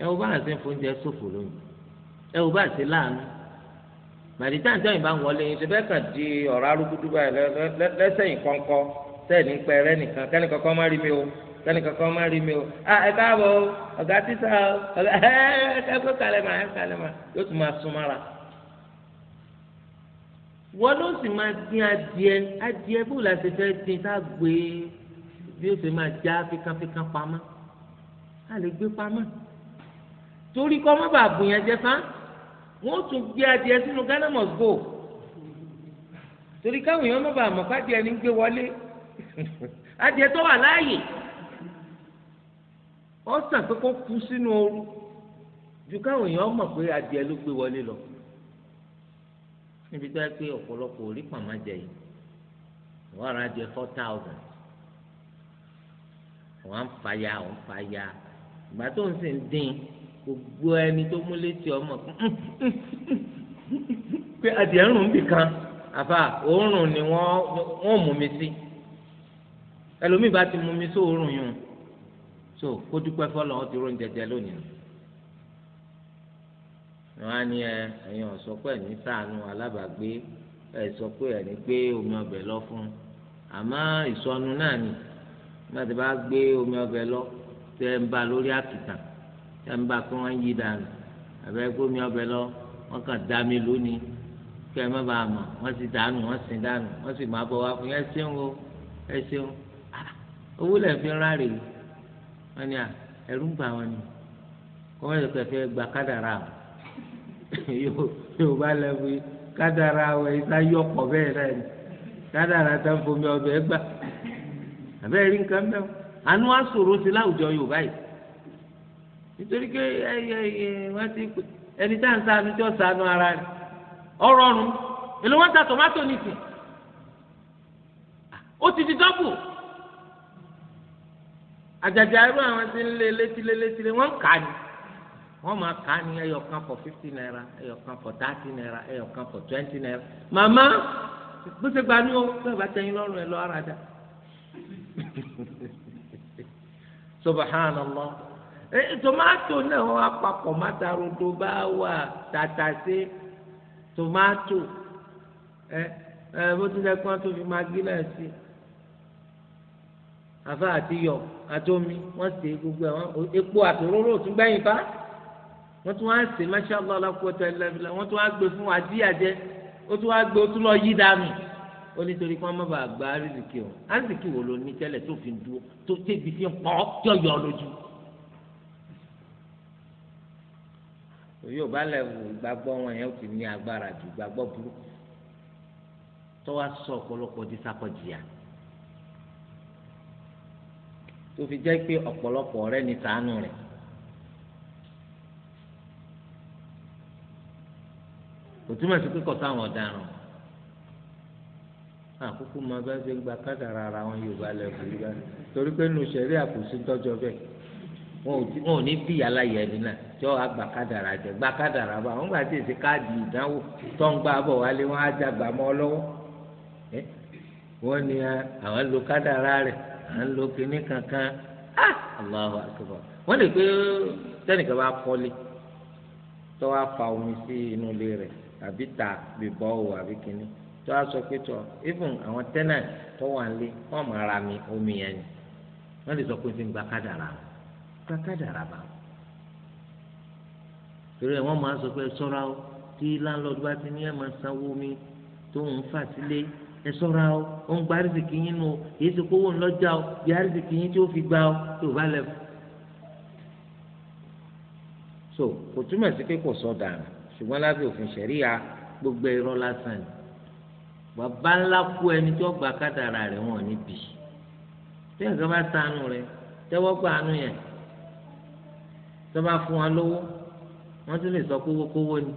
ẹ wo bá àṣẹ fún oúnjẹ ṣòfò lónìí ẹ wo bá àṣẹ láàánú màdìtàn tẹ́yìn bá ń wọlé yín ṣẹbẹ́ kàn di ọ̀rọ̀ arúgbó báyìí lẹ́sẹ̀yìn kọ́ńkọ́ tẹ́ẹ̀ní pẹ̀rẹ́ nìkan kẹ́ni kankan má rí mi o kẹ́ni kankan má rí mi o a ẹ káàbọ̀ o ọ̀gá títà o ọ̀gá ẹ ẹ kó kalẹ̀ mà ẹ kalẹ̀ mà yóò tún máa sún mára. wọ́n ló sì máa dín adìẹ adìẹ bó la ṣe fẹ́ dín tá a gbé bí ó ṣe máa já fíkàfíkà pamọ́ a lè gbé pamọ́ torí kọ́ mọ́ bàá yẹn jẹ fáá wọ́n tún gbé adìẹ sínú Ghana must go torí káwọn èèyàn má bàa mọ̀ kádìẹ ní gbé wọlé adìẹ tó wà láàyè ó sàn pé kó kú sínú ooru ju káwọn èèyàn mọ̀ pé adìẹ ló gbé wọlé lọ níbi tó yẹ pé ọ̀pọ̀lọpọ̀ orí pàmò jẹ yìí wọ́n ra adìẹ four thousand wọ́n á ń fa ìgbà tó ń sìn dín gbogbo ẹni tó mú létí ọmọ pé adìẹ ń rùn bì kan àfà òórùn ni wọ́n mú mi sí ẹlòmíì bá ti mú mi sí òórùn yìí so kó dúpẹ́ fọlọ́ wọn ti rún jẹjẹ lónìí wọn á ní ẹ ẹ̀yin ọ̀sọ́ pé ẹ̀yin ṣàánú alábàágbé ẹ̀ sọ pé ẹ̀yin gbé omi ọbẹ̀ lọ fún un àmọ́ ìsọnu náà nì nígbà tí wọ́n bá gbé omi ọbẹ̀ lọ tẹ́ ń ba lórí àkìtàn kẹ́ńbà kí wọ́n yí dànù àbẹ́ gómìnà ọbẹ̀ lọ wọ́n kàn dá mi lónìí kẹ́ ẹ má bàa mọ̀ wọ́n sì dànù wọ́n sì dànù wọ́n sì máa bọ̀ wá fún yẹn ṣéun o ẹ ṣéun ah, owó lẹ̀ fi rárẹ̀ wọ́n ní à ẹ̀rú ń bà wọ́n ni kọ́mọ́tò kẹfẹ́ gba kádàrà o yóò bá lẹ́bu kádàrà o ẹ̀ sá yọkọ̀ bẹ́ẹ̀ náà ni kádàrà tá ń fomi ọbẹ̀ gbà àbẹ́ẹ̀rí nǹkan mẹ́wọ́ àánú àṣòro sí láwùjọ Yorùbá yìí nítorí pé wọ́n ti pè ẹni tá à ń ṣàánú tí ó ṣàánú ara rẹ̀ ọ̀rọ̀ èlò wọn ta tòmátò nìsín ó ti di dọ́bù àjàjà irú àwọn tí ń lé létílé létílé wọ́n ń kà ní wọ́n for fifty naira ẹyọkan for thirty naira ẹyọkan for twenty naira màmá o bẹ́ẹ̀ bá tẹ̀yìn lọ́rùn ẹ̀ lọ́ ara dà Eh, tomato náà wọ́n apapọ̀ mátàrodo bá wà tàtàṣé tomato ẹ eh, ẹ eh, bó tilẹ̀ kí wọ́n tó fi magi náà sí àfa àti yọ àtomi wọ́n sè é gbogbo àwọn epo àtòróró tún gbẹ̀yìn fa wọ́n tún wá sè masha Allah la quwwata illa billah wọ́n tún wá gbé e fún àdíyàjẹ ó tún wá gbé ó tún lọ yí dànù ó ní torí kí má bàa gba arizikì o arizikì wo ló ní tẹ́lẹ̀ tó fi dúró tó tẹbi fi pọ tí yọ lójú. yóò bá lẹ́wọ̀ ìgbàgbọ́ wọn yẹn ó ti ní agbára ju ìgbàgbọ́ burúkú tó wá sọ ọ̀pọ̀lọpọ̀ di sakọ̀jìyà tó fi jẹ́ pé ọ̀pọ̀lọpọ̀ rẹ̀ ní ṣàánú rẹ̀ kò túmọ̀ sí pé kò sáwọn ọ̀daràn àkókò máa bá ṣe gba kádàrà ara wọn yóò bá lẹ́wọ̀ ìgbà torí pé nù sẹ́rí àkùsí tọ́jọ́ bẹ́ẹ̀. wọn ò ní bí aláyẹ ẹni náà jọ agbàkadàrà jẹ gbàkadàrà bá wọn gbà tètè káàdì ìdánwò tó ń gbà bọ̀ wálé wọn á dàgbà mọ́ ọ wọn ni àwọn lo kádàrà rẹ à lo kankan ah wọn lè pé tẹnìkan bá tó wá fa omi sí inú ilé rẹ àbí ta àbí tó wá sọ pé even àwọn tó wà gba kádàrà bá torí ẹ wọn máa sọ pé ṣọ́ra o tí láńlọọdù bá ti ní ẹ máa sanwó mi tó ń fà sílé ẹ ṣọ́ra o ó ń gba àrísìkì yín nu èyí ti kówó ńlọjà o bí àrísìkì yín tí ó fi gbà o tó bá lẹ fún. so kò túmọ̀ sí pé kò sọ dànù ṣùgbọ́n lábẹ́ òfin ṣẹ̀ríya gbogbo irọ́ lásán ni bàbá ńlá kú ẹni tí ó gba kádàrà rẹ̀ wọ̀n níbi tí ẹ̀ka bá sànù rẹ̀ tẹ́wọ́ gbà àánú yẹn tó fún wa lówó wọ́n tún lè sọ kówó kówó ni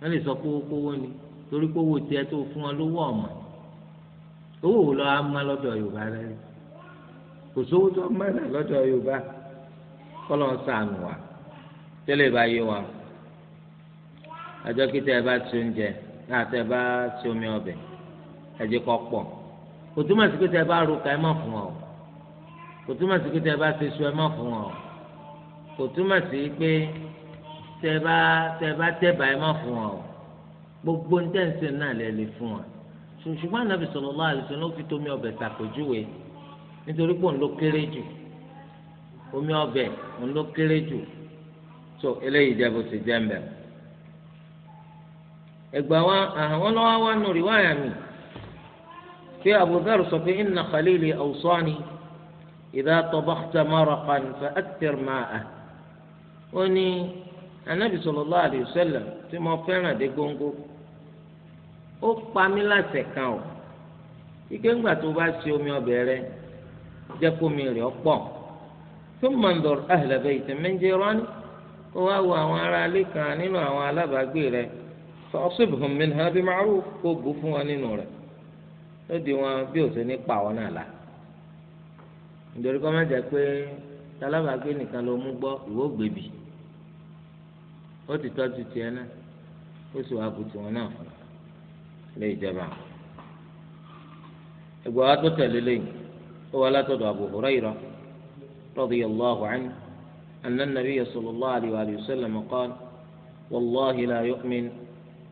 wọ́n lè sọ kówó kówó ni torí kówó tiẹ̀ tó fún wa lówó ọ̀mà owó wò lọ́ọ́ má lọ́dọ̀ Yorùbá rẹ̀ kò sówó tó má nà lọ́dọ̀ Yorùbá kọ́lọ́ sànù wa tẹ́lẹ̀ bá yé wa àjọ ẹ bá ti oúnjẹ náà bá ti omi ọbẹ̀ ẹ jẹ́ kọ́ pọ̀ kò ẹ bá ro ká ẹ má fún ọ kò túmọ̀ sí pé tẹ́ ẹ bá ṣe sùn ẹ má fún wọn kò túmọ̀ sí pé tẹ́ ẹ bá tẹ́ ẹ bá tẹ́bà ẹ má fún wọn gbogbo ní tẹ́ǹsì náà lẹ lè fún wọn ṣùgbọ́n ànábì sallallahu alaihi wasallam ló fi tómi ọbẹ̀ ṣàpèjúwe nítorí pé òun ló kéré jù omi ọbẹ̀ òun ló kéré jù tó eléyìí jẹ́ bó ṣe jẹ́ ń bẹ̀. ẹgbà wa àwọn lọ́wọ́ wa nù rí wáyà mi pé Abu Dharr sọ pé inna khalili awsani idha tabakta maraqan fa akthir ma'ah ó ní anabi sallallahu alayhi wa sallam tí mo fẹ́ràn dé góńgó ó pa mí láṣẹ kan o ike ńgbà tó bá ṣe omi ọbẹ̀ rẹ jẹ́ kó mi rẹ̀ ọ́ pọ̀ thumma anzur ahla baytin min jirani kó wá wo àwọn ará ilé kan nínú àwọn alábàágbé rẹ fa'asibhum minha bima'ruf ní nítorí kọ́ mẹ́jẹ pé tálábàágbé nìkan ló mú gbọ́ ìwọ gbèbí ó ti tọ́jú tiẹ̀ náà ó sì wá kutu wọn náà fún ilé ìjọba ìgbà wa tó tẹ̀lé lẹ́yìn ó wà látọ̀dọ̀ Abu Hurairah radiyallahu anhu أن النبي صلى الله عليه وآله وسلم قال والله là يؤمن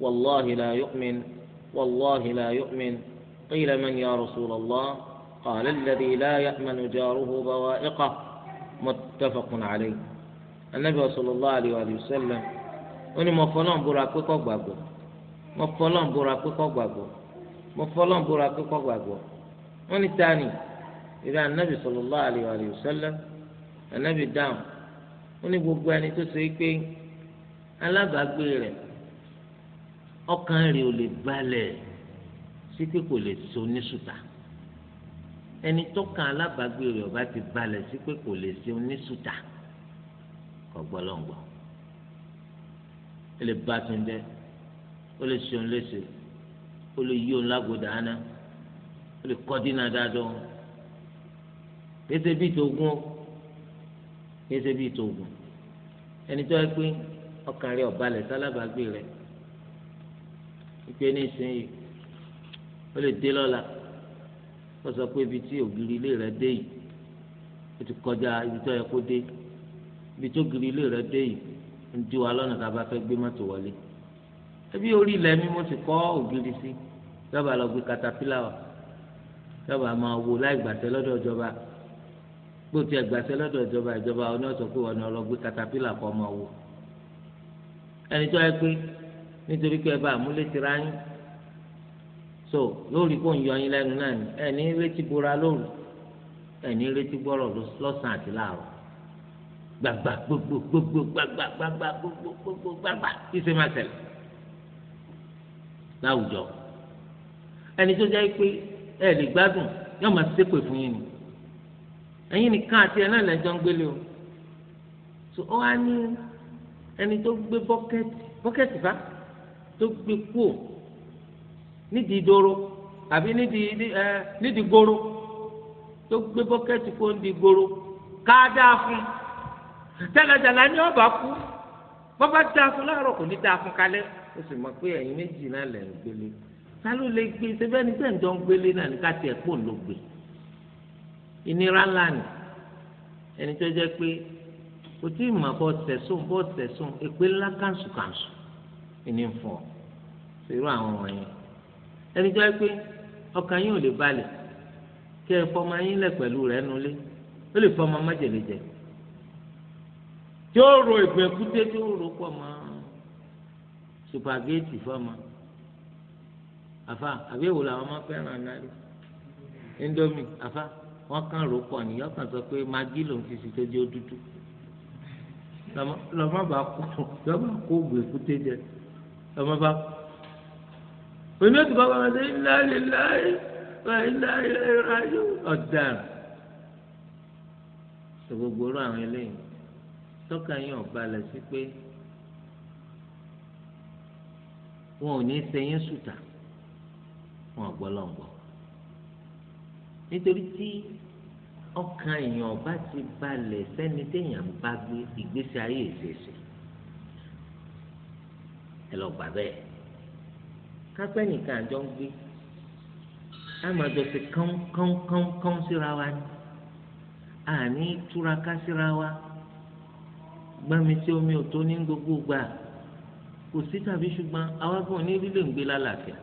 والله لا يؤمن والله لا يؤمن قيل من يا رسول الله قال الذي لا يأمن جاره بوائقه متفق عليه النبي صلى الله عليه وآله وسلم ó ní mo fọlọ́n búra pé kó gbàgbọ́ mo fọlọ́n búra pé kó gbàgbọ́ mo fọlọ́n búra pé kó gbàgbọ́ wọ́n ní tani ìrẹ anabi sallallahu alaihi wa sallam anabi dáhùn wọ́n ní gbogbo ẹni tó ṣe pé alábàágbé rẹ̀ ọkàn rẹ̀ ò lè balẹ̀ sí pé kò lè so ní sùtà. So ẹni tó kan alábàágbé rẹ̀ ọba ti balẹ̀ sí pé kò lè ṣe oníṣùtà kọ̀gbọ́lọ́ngbọ́ ó lè bá tún jẹ́ ó lè ṣe òun léṣe ó lè yí òun lágòdà áná ó lè kọ́ dínà dáadọ́ kéṣe bíi tógun ó kéṣe bíi tógun ẹni tó yẹ pé ọkàn rẹ̀ ọba sálábàágbé rẹ̀ ìpè ní ìsinyìí ó lè dé lọ́la wọ́n sọ pé ibi tí ògiri ilé rẹ dé yìí ó ti kọjá ibi tó yẹ kó dé ibi tó giri ilé rẹ dé yìí ń di wa lọ́nà tá a bá fẹ́ gbé mọ́tò wọlé ẹbí orí ilẹ̀ mi mo ti kọ́ ògiri sí yọba lọ gbé katapila wa yọba máa wo láì gbàṣẹ lọ́dọ̀ ìjọba gbòtí ẹgbàṣẹ lọ́dọ̀ ìjọba ìjọba ọ ní ọ̀sán pé wọn ni ọlọ́gbé katapila kọ́ máa wo ẹni tó yẹ pé nítorí pé ẹ bá àmúlé tira yín so lórí kó ń yọ yín lẹ́nu náà ni ẹni retí bora lóru ẹni retí gbọ́rọ̀ lọ́sàn-án àti láàárọ̀ gbàgbà gbogbo gbogbo gbàgbà gbàgbà gbogbo gbogbo gbàgbà kí ṣe máa ṣẹlẹ̀ láwùjọ ẹni tó jẹ́ pé ẹ lè gbádùn yóò máa ṣépè fún yín ni ẹ̀yin nìkan àti ẹ̀ náà lẹ́jọ́ ń gbélé o so ó wá ní ẹni tó gbé bọ́kẹ́tì bọ́kẹ́tì bá tó gbé kúò nídìí dóró àbí nídìí ẹ nídìí goro tó gbé bọ́kẹ́tì fún di goro ká dáa fún jàlàjàlà ni ọba kú bọ́bá dáa fún láàárọ̀ kò ní dáa fún kalẹ́ ó sì mọ̀ pé ẹ̀yin méjì náà lẹ̀ ń gbélé ta ló lè gbé sebẹ́ ni sẹ́ńdọ̀ ń gbélé náà ní ká tiẹ̀ pò ló gbé ìnira ńlá ni ẹni tó jẹ́ pé kò tí ì mọ̀ bọ́ tẹ̀sùn bọ́ tẹ̀sùn èpè ńlá kàǹsù kàǹsù ìní fún ọ ṣèrú àwọn wọ̀nyẹn ẹni tó yẹ pé ọkàn yín ò lè balẹ̀ kí ẹ fọmọ yín lẹ̀ pẹ̀lú rẹ̀ nulẹ̀ ó lè fọmọ májèlèjẹ tí ó ro ìgbẹ́ kúté tí ó ro pọ̀ mọ́ supageti fọmọ àfa àbí èwo làwọn máa fẹ́ràn náírà indomie àfa wọn kàn rò pọ̀ nìyọ́ kan sọ pé magi lòún fi si tó di ó dúdú lọ́mọ bá kó lọ́mọ bá kó ògbè kúté jẹ lọ́mọ bá kó òní ó ti kọ́ kọ́kọ́ sí ilá ilá ilá ilá ilá ọ̀daràn sọ gbogbo orú àwọn eléyìí tọ́ka yín ọ̀balẹ̀ sí pé wọn ò ní sẹ́yìn sùtà wọn ọ̀gbọ́lọ́ngbọ́ nítorí tí ọkàn èèyàn ọba ti balẹ̀ sẹ́ni téèyàn bá gbé ìgbésí ayé ìṣèṣe ẹ lọ gbà bẹ́ẹ̀ kápẹ́ nìkan àjọ ń gbé àmàjọ sí síra wa ni àní túraká síra wa gbẹ́mi tí omi ò tó ní gbogbo gbà kò sí tàbí ṣùgbọ́n awágbọ́n ní lílè ń gbé lálàáfíà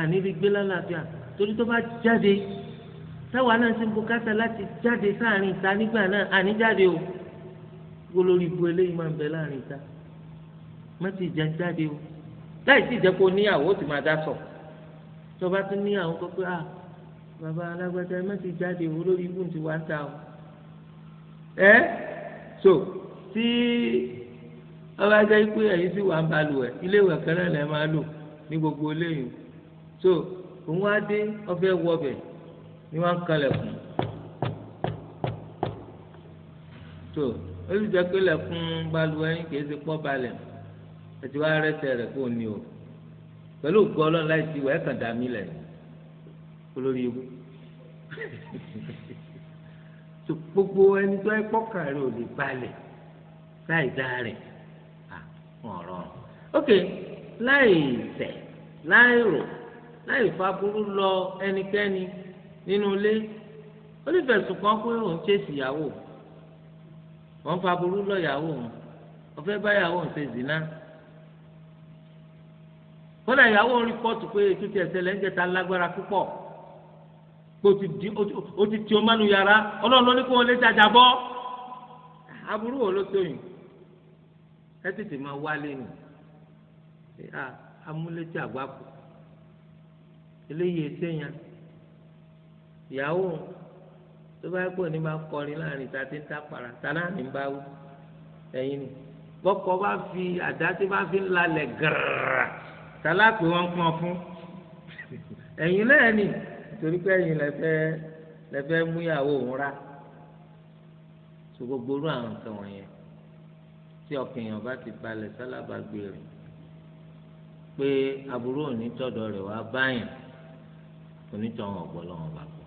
àní lè gbé lálàáfíà torí tó bá jáde táwa náà ti ń bùkátà láti jáde sáàrin ìta nígbà náà àní jáde o gbólórí ibu eléyìí máa ń bẹ láàrin ìta mọ́tì ìjà jáde o láì sí ìjẹ́ kó níyàwó ó sì máa dá sọ tó bá tún níyàwó kó pé à ah, bàbá alágbàtà ẹ má ti jáde wo lórí ibùn tí wàá ta o ẹ so tí ọba jẹ́ pé ẹ̀yin sì wà ń balùwẹ̀ ilé ìwẹ̀ kan náà lẹ máa lò ní gbogbo eléyìí so òun á dé ọfẹ́ wọbẹ ni wọn kalẹ̀ fún so ó sì jẹ́ pé lẹ̀kùn balùwẹ̀ yín kì í ṣe pọ̀ balẹ̀. So, ẹtì wá rẹsẹ̀ rẹ̀ kó o ní o pẹ̀lú ògùn ọlọ́run láì sí wẹ́ẹ́ kàn dá mi lẹ̀ olórí ibú tó gbogbo ẹni tó ẹ pọ́kà rẹ̀ ò lè balẹ̀ láì dá rẹ̀ à wọ́n rọrùn ok láì tẹ̀ láì rò láì fa burú lọ ẹnikẹ́ni nínú ilé ó lè fẹ̀sùn kàn pé òun chase ìyàwó wọ́n fa burú lọ ìyàwó òun ó fẹ́ bá ìyàwó òun ṣe zina kọ́lá ìyàwó rìpọ́tù pé ètò ti ẹ̀sẹ̀ lẹ́ńgẹ̀ta lágbára púpọ̀ pé o ti ti o mánu yàrá ọlọ́run ló ní kó o lè jàjà bọ́ aburú wo ló sóyún ẹ tètè máa wálé nù amúlétí àgbákò eléyìí ẹsẹ̀yàn ìyàwó tó bá pọ̀ ní máa kọrin láàrin ta ti ń ta para ta náà ní bá wú ẹ̀yin ni bọ́kọ bá fi àdá tí bá fi ń lalẹ̀ gírrrrà tàlápè wọn pọn fún ẹ̀yin lẹ́ẹ̀ni torí pé ẹ̀yin lẹ́fẹ́ lẹ́fẹ́ múyàwó òun rà so gbogbo orú àwọn nǹkan wọ̀nyẹn tí ọkùnrin ọba ti balẹ̀ sálábà gbé rẹ̀ pé aburú onítọ̀dọ̀ rẹ̀ wá báyìí onítọ̀hún ọ̀gbọ́lọ́wọ́n bá kú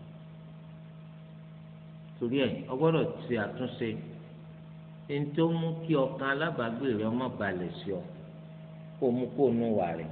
torí ẹ̀ ọgbọ́dọ̀ ti àtúnṣe ẹni tó mú kí ọkàn alábàágbé rẹ̀ ọmọ balẹ̀ sí ọ kó mú kó nù wà rẹ̀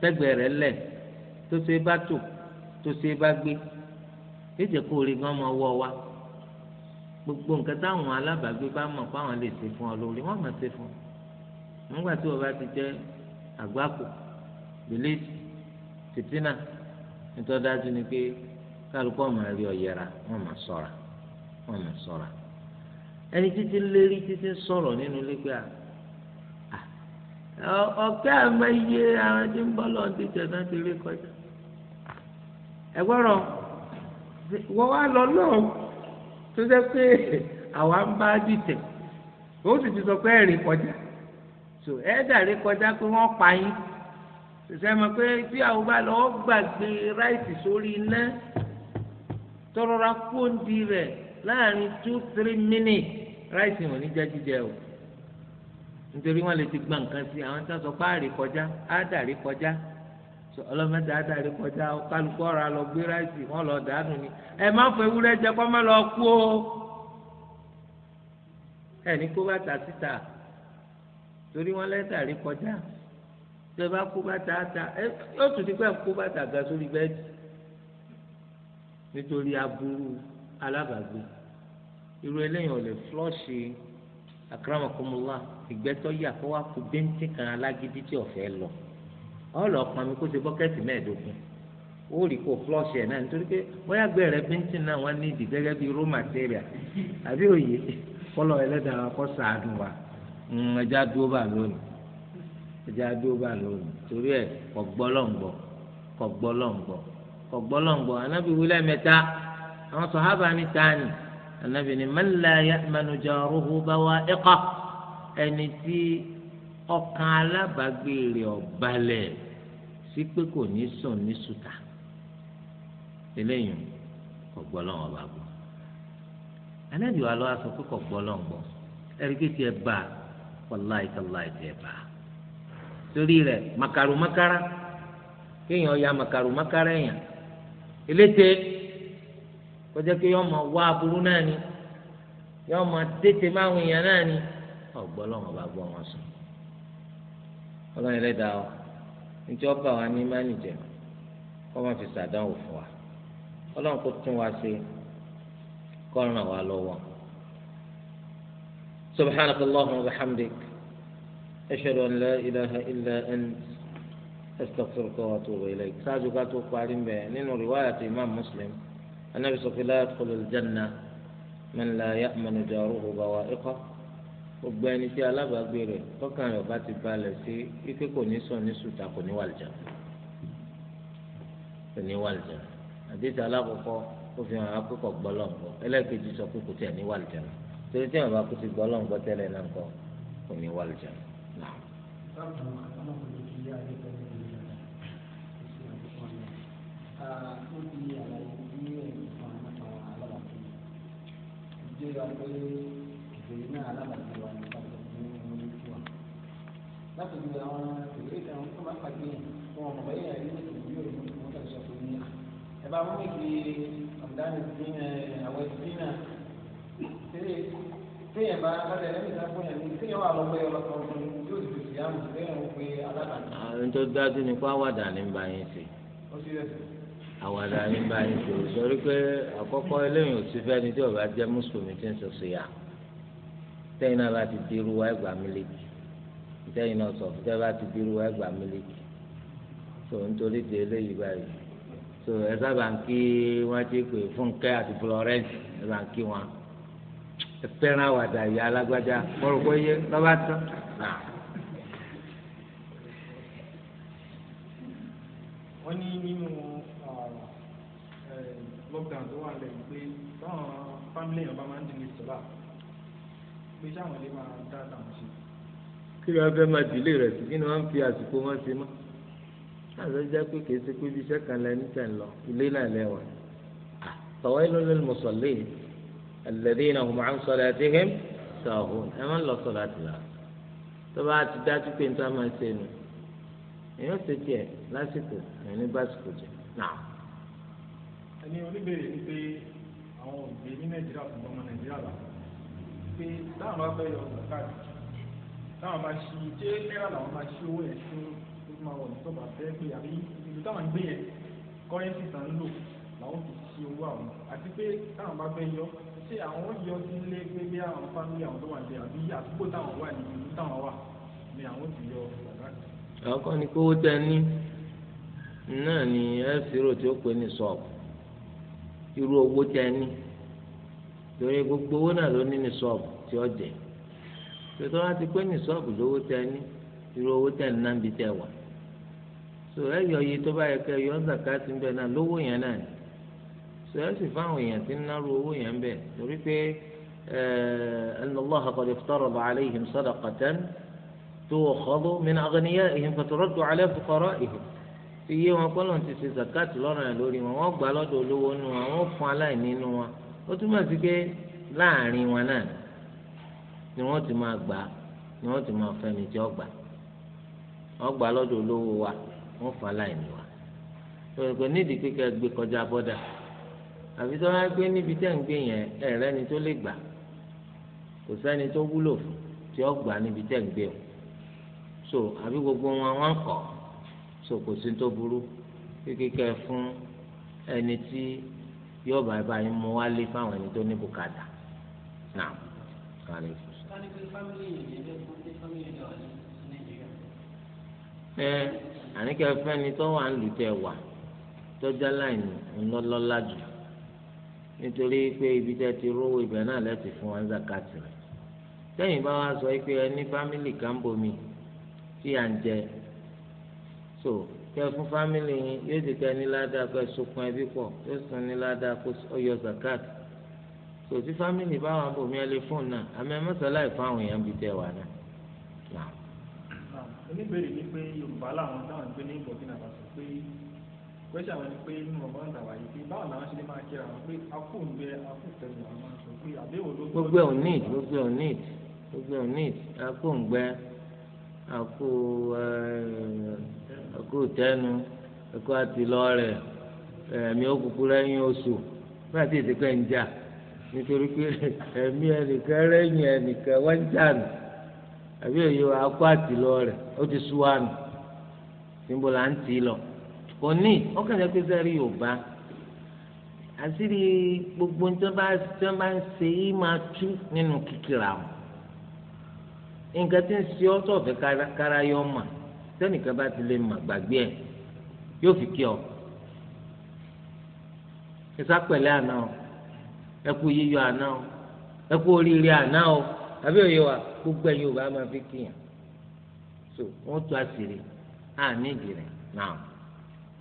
tẹ́gbẹ̀ẹ́ rẹ̀ lẹ̀ tó ṣe bá tò tó ṣe bá gbé ètò kó rí gan máa wọ wa gbogbo nǹkan táwọn alábàágbé bá mọ̀ fáwọn lè ṣe fún ọ lórí wọ́n máa ṣe fún ọ nígbà tí wọ́n bá ti jẹ́ àgbákò bìlíìtì fìtínà nítorí dájú ni pé kálukú ọmọ rí ọyẹra wọ́n máa ṣọ́ra wọ́n máa ṣọ́ra ẹni títí lérí títí sọ̀rọ̀ nínú ilé pé à ọ̀kẹ́ àmọ́ iye àwọn tí ń bọ́ lọ ti jẹ̀ ti rí kọjá wọ́n wá lọ náà tó jẹ́ pé àwa ń bá dìtẹ̀ ó sì ti sọ pé ẹ̀rìn kọjá so ẹ̀ẹ́dà rí kọjá pé wọ́n pa yín sẹsẹ mọ̀ pé tí àwọn bá lọ gbàgbé ráìtì sórí iná tọrọra láàrin two three minutes ráìtì o. nítorí wọn lè ti gba nǹkan sí àwọn tí wọn sọ pé àárí kọjá àádàrí kọjá ọlọ́mọdé àádàrí kọjá kálukú ọ̀rọ̀ alọ gbé ráìsì wọn lọ dànù ni ẹ má fọ ewúrẹ́ jẹ kọ́ má lọ kú o ẹ ní kó bàtà síta torí wọn lẹ́tàrí kọjá tẹ bá kó bàtà ta ẹ yóò tún ti pẹ́ kó bàtà ga sórí bẹ́ẹ̀dì nítorí aburú alábàgbé irú eléyìí ò lè flọ́ọ̀ṣì akramakumullah ìgbẹ́tọ́ yà kó wá kó bẹ́ńtì kan alágídí tí ọ̀fẹ́ lọ ọ̀lọ́ pọn mi kó ṣe bọ́kẹ́tì mẹ́ẹ̀ẹ́dógún ó rí kó flọ́ọ̀ṣì ẹ̀ náà nítorí pé bóyá gbẹ̀rẹ̀ bẹ́ńtì náà wọ́n ní ìdí gẹ́gẹ́ bí raw material àbí òye kọ́lọ̀ ẹlẹ́dàá wa kọ́ sàánù wa ẹja dúró bá lónìí ẹja dúró bá lónìí torí ẹ kọ gbọ́lọ́ǹgbọ̀ kọ gbọ́lọ́ǹgbọ̀ kọ gbọ́lọ́ǹgbọ̀ ẹni tí ọkàn alábàágbé rẹ̀ ọ̀balẹ̀ sí pé kò ní sùn ní sùtà eléyìí ọgbọ́ lọ́wọ́ bá gbọ́ wa lọ́wọ́ sọ pé bá torí makaru makara kéèyàn ya makaru makara kọjá ma wá aburú náà ni ọ̀gbọ́ lọ́wọ́ bá gbọ́ wọn sùn ọlọ́run ẹlẹ́dàá ọ nítorí ọba wa ní mánìjẹ kọ́ máa fi sàdánwò fún wa ọlọ́run kó tún wa ṣe kọ́ ràn wá lọ́wọ́ سبحانك اللهم وبحمدك أشهد أن لا إله إلا أنت أستغفرك وأتوب إليك ساجك أتوب قارن به رواية إمام مسلم النبي صلى الله عليه وسلم لا يدخل الجنة من لا يأمن جاره بوائقه gbogbo ẹni tí alábàágbé rẹ̀ tọ́kàn rẹ̀ bá ti balẹ̀ sí ike kò ní sọ ní sùtà kò ní wàlìjà kò ní wàlìjà àdéhùn alákọ̀ọ́kọ́ ó fi hàn akókò gbọ́lọ́ǹgbọ́ ẹlẹ́ẹ̀kejì sọ pé kò tẹ̀ ní wàlìjà torí tí àwọn akó ti gbọ́lọ́ǹgbọ́ tẹ́lẹ̀ náà kọ́ kò ní wàlìjà náà. Thank you èyí náà alábàáṣe wa nípa ní tiwa. láti ju àwọn ìwé ìtàn tó máa pàdé wọn ọmọ bẹ́ẹ̀ yẹn ní ìlú òní wọn kàn sọ fún mi. ẹ bá wọn méjì ọ̀dánù sí àwọn ẹbí náà tẹ́lẹ̀ téèyàn bá lọ́dẹ lẹ́yìn ìgbà fún yẹn ní téèyàn wà lọ́gbẹ́ ọkùnrin yóò ti fi àmì téèyàn ń pe alábàáṣe. àwọn tó dájú ni kó àwàdà ní bá yín sí. ó ti rẹ̀ àwàdà ní báyìí tó sọrí pé àkọ́kọ́ eléyìí ò sí fẹ́ni tí ọba jẹ́ mùsùlùmí tí ń sọ sí yà tẹ́yìn náà bá ti di irú ẹgbà mílíkì tẹ́yìn náà sọ tẹ́yìn bá ti di irú ẹgbà mílíkì tó nítorí di eléyìí báyìí tó ẹ sábà ń kí wọ́n ti pè fúnkẹ́ àti florence ẹ bá ń kí wọn ẹ fẹ́ràn àwàdà ìyá alágbájá mọ̀rọ̀ yé lọ́ba tán wọ́n ní nínú ah, eh, lockdown tó wà lẹ́yìn pé báwọn fámìlì yẹn bá máa ń dìlé sọ́lá pé sáwọn lè máa dá àtàwọn ṣe. kí ló fẹ́ máa dìlé rẹ̀ sí kí ni wọ́n ń fi àsìkò wọn ṣe mọ́ láti jẹ́ pé kìí ṣe pé ibi iṣẹ́ kan lẹ́ni tẹ̀ ń lọ ilé náà lẹ́wà tọ́wọ́ inú ló ní mùsọ̀lẹ́ ẹ̀lẹ́dẹ́ iná ọ̀hún máa ń sọ̀rọ̀ àti hẹ́m sọ̀hún ẹ má ń lọ sọ̀rọ̀ àti là tó bá ti dájú pé níta máa ń ṣe nu èèyàn ṣe tiẹ̀ lásìkò èèyàn ní básìkò jẹ náà. ẹni oníbèrè ni pé àwọn òbí ní nàìjíríà fún ọmọ nàìjíríà làwọn pé táwọn bá fẹ́ yọ zakati táwọn bá ṣí ṣé náírà làwọn bá ṣí owó ẹ̀ fún tó máa wọ̀ nítorí bá fẹ́ pé àbí ibi táwọn gbé yẹn kọ́rẹ́ǹtì tán lò làwọn fi ṣí owó àwọn àti pé táwọn bá fẹ́ yọ ṣé àwọn yọ sí ilé pé bí àwọn fámìlì àwọn tó wà ní àbí àdúgbò táwọn wà ní ìlú táwọn wà ni àwọn ti yọ zakati. náà ni ẹ ṣírò tí ó pè ní sọọbù irú owó tẹ ní torí gbogbo owó náà ló ní ní sọ́ọ̀bù tí ó jẹ tòtò wá ti pé ní sọ́ọ̀bù lówó tẹ ní irú owó tẹ ní náà bí tẹ wà so ẹ yọ iye tó bá yẹ kẹ yọ zakati ń bẹ náà lówó yẹn náà ni so ẹ sì fáwọn èèyàn tí ń náró owó yẹn ń bẹ torí pé ان الله قد افترض عليهم صدقة تؤخذ من أغنيائهم فترد على فقرائهم iye wọn kọ́ ló ń ti ṣe zakati lọ́rọ̀ yẹn lórí wọn wọ́n gbà lọ́dọ̀ olówó nu wọn wọ́n fún aláìní nu wọn ó túmọ̀ sí pé láàrin wọn náà ni wọ́n ti máa gbà ni wọ́n ti máa fẹ́ni tí ọgbà ọgbà lọ́dọ̀ olówó wa wọ́n fà láìní wa pẹ̀lú nídìí kíkẹ́ gbé kọjá bọ́dà àfi tó wáá gbé níbi tẹ́ ń gbé yẹn ẹ̀rẹ́ ni tó lè gbà kò sẹ́ni tó wúlò fún tí ó níbi tẹ́ ń gbé o so àbí gbogbo wọn wọn kọ̀ so kò sí tó burú kíkẹ́ fún ẹni tí yóò bá bá yín mú wálé fáwọn ẹni tó ní bùkátà náà kálí. ẹ àníkẹ́ fẹ́ni tó wà ń lù tẹ̀ wà tọ́jà láìní ńlọ́lọ́lá jù nítorí pé ibi tẹ́ ti rówó ibẹ̀ náà lẹ́sìn fún wọn zakati rẹ̀ tẹ́yìn bá wá sọ pé ẹni fámìlì kan bomi tí à ń jẹ so kẹ fún fámìlì yín yóò di ká ní ládàá kó ẹsùnkùn ẹbí pọ̀ yóò sùn ní ládàá kó ọyọ zakat kò sí fámìlì báwọn abòmí ẹ lè fóònù náà àmì ẹ mọ́sálà ìfáwọn èèyàn bí tẹ wà náà. oníbèrè ni pé yorùbá làwọn táwọn gbé ní burkina faso pé pẹ́sì àwọn ni pé inú ọmọ ọ̀dà wà yìí pé báwọn làwọn ṣe lè máa kíra wọn pé akú ń bẹ akú tẹ̀lé àwọn máa sọ pé àbẹ̀wò ló. gbogbo ẹkú tẹnu ẹkú àtìlọ rẹ ẹmí òkùnkù lẹ́yìn oṣù náà ti ìdíkọ ń jà nítorí pé ẹmí ẹnìkan lẹ́yìn ẹnìkan wọn ń jà nù àbí èyí wa rẹ ó ti sú wa níbo là ń tì í lọ kò ní ọkàn àṣírí gbogbo tí wọn bá ń ṣe máa tú nínú nǹkan tí tẹnìkan bá ti lè mà gbàgbé ẹ yóò fi kí ọ ẹsà pẹ̀lẹ́ àná o ẹkú yíyọ àná o ẹkú oríire àná o àbí òye wa gbogbo ẹ̀yin ò bá máa fi kíyàn so wọn tó àṣírí àní ìdìrẹ náà.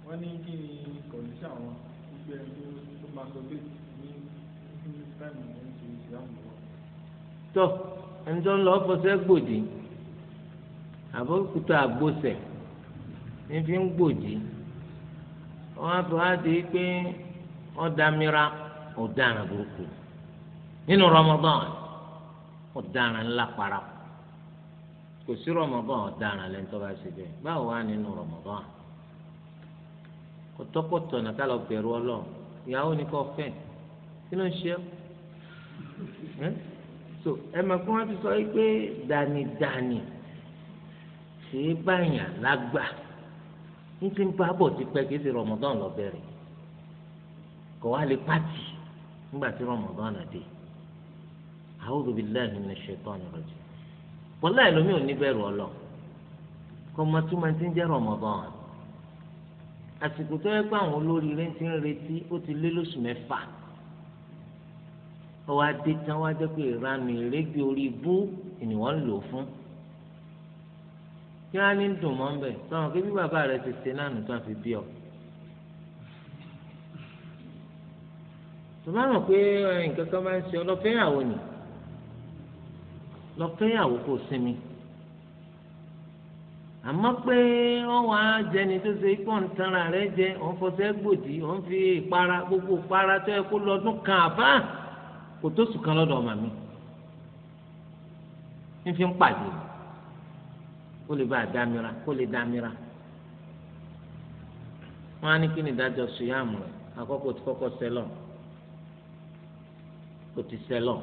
wọ́n ní kí ni kọ̀ǹdíṣà wọn gbígbé ẹni tó máa sọ bẹ́ẹ̀ ní ní táìmù ní oṣù ìṣẹ́ àmọ́. tó ẹni tó ń lọ fọṣẹ́ gbòdì. àbókútó àgbòsẹ̀ ní fi ń gbòdì wọn á fi wá di pé ọ̀dàmíra ọ̀daràn burúkú nínú Ramadan ọ̀daràn ńlá para kò sí Ramadan ọ̀daràn lẹ́nu tó bá ṣe bẹ́ẹ̀ báwo wá nínú Ramadan kọtọkọtọ nàka lọ ìyàwó ni kò kí ló ń ṣe ẹ so ẹ máa ti sọ ṣe é báyàn lágbà ní ti ń bá bọ̀ tipẹ́ kí ti rọmọdán lọ bẹ̀rẹ̀ kò wá lè pàtì nígbà tí rọmọdán dé a'udhu billahi minash shaitani rajim wọ́n láì lómi ò ní bẹ̀rù ọlọ kọ́ ọmọ tó máa ti ń jẹ́ rọmọdán àsìkò tó yẹ pé àwọn olóríire ti ń retí ó ti lé lóṣù mẹ́fà ọwọ́ adé tán wá jẹ́ pé ìranù ìrégbè orí ibú ni wọ́n ń lò fún kí wọn á ní dùn mọ́ bẹ́ẹ̀ sọ̀rọ̀ kí bí bàbá rẹ ti ṣe náà nìkan fi bí ọ. tòmáràn pé nǹkan kan máa ń ṣe ọlọ́fẹ́yàwó ni lọ́fẹ́yàwó kò sinmi àmọ́ pé wọ́n wá jẹni tó ṣe ikọ̀ ń tanra rẹ jẹ òun fọṣẹ́ gbòdì òun fi ìpara gbogbo ìpara tó yẹ kó lọ́dún kan àbá kò tó sùn kan lọ́dọ̀ ọmọ mi ń ń pàdé kó lè bá damira. dámira kó lè dámira wọn á ní kí ni ìdájọ́ sùyàmù rẹ àkọ́kọ́ ti kọ́kọ́ sẹlọ kò ti sẹlọ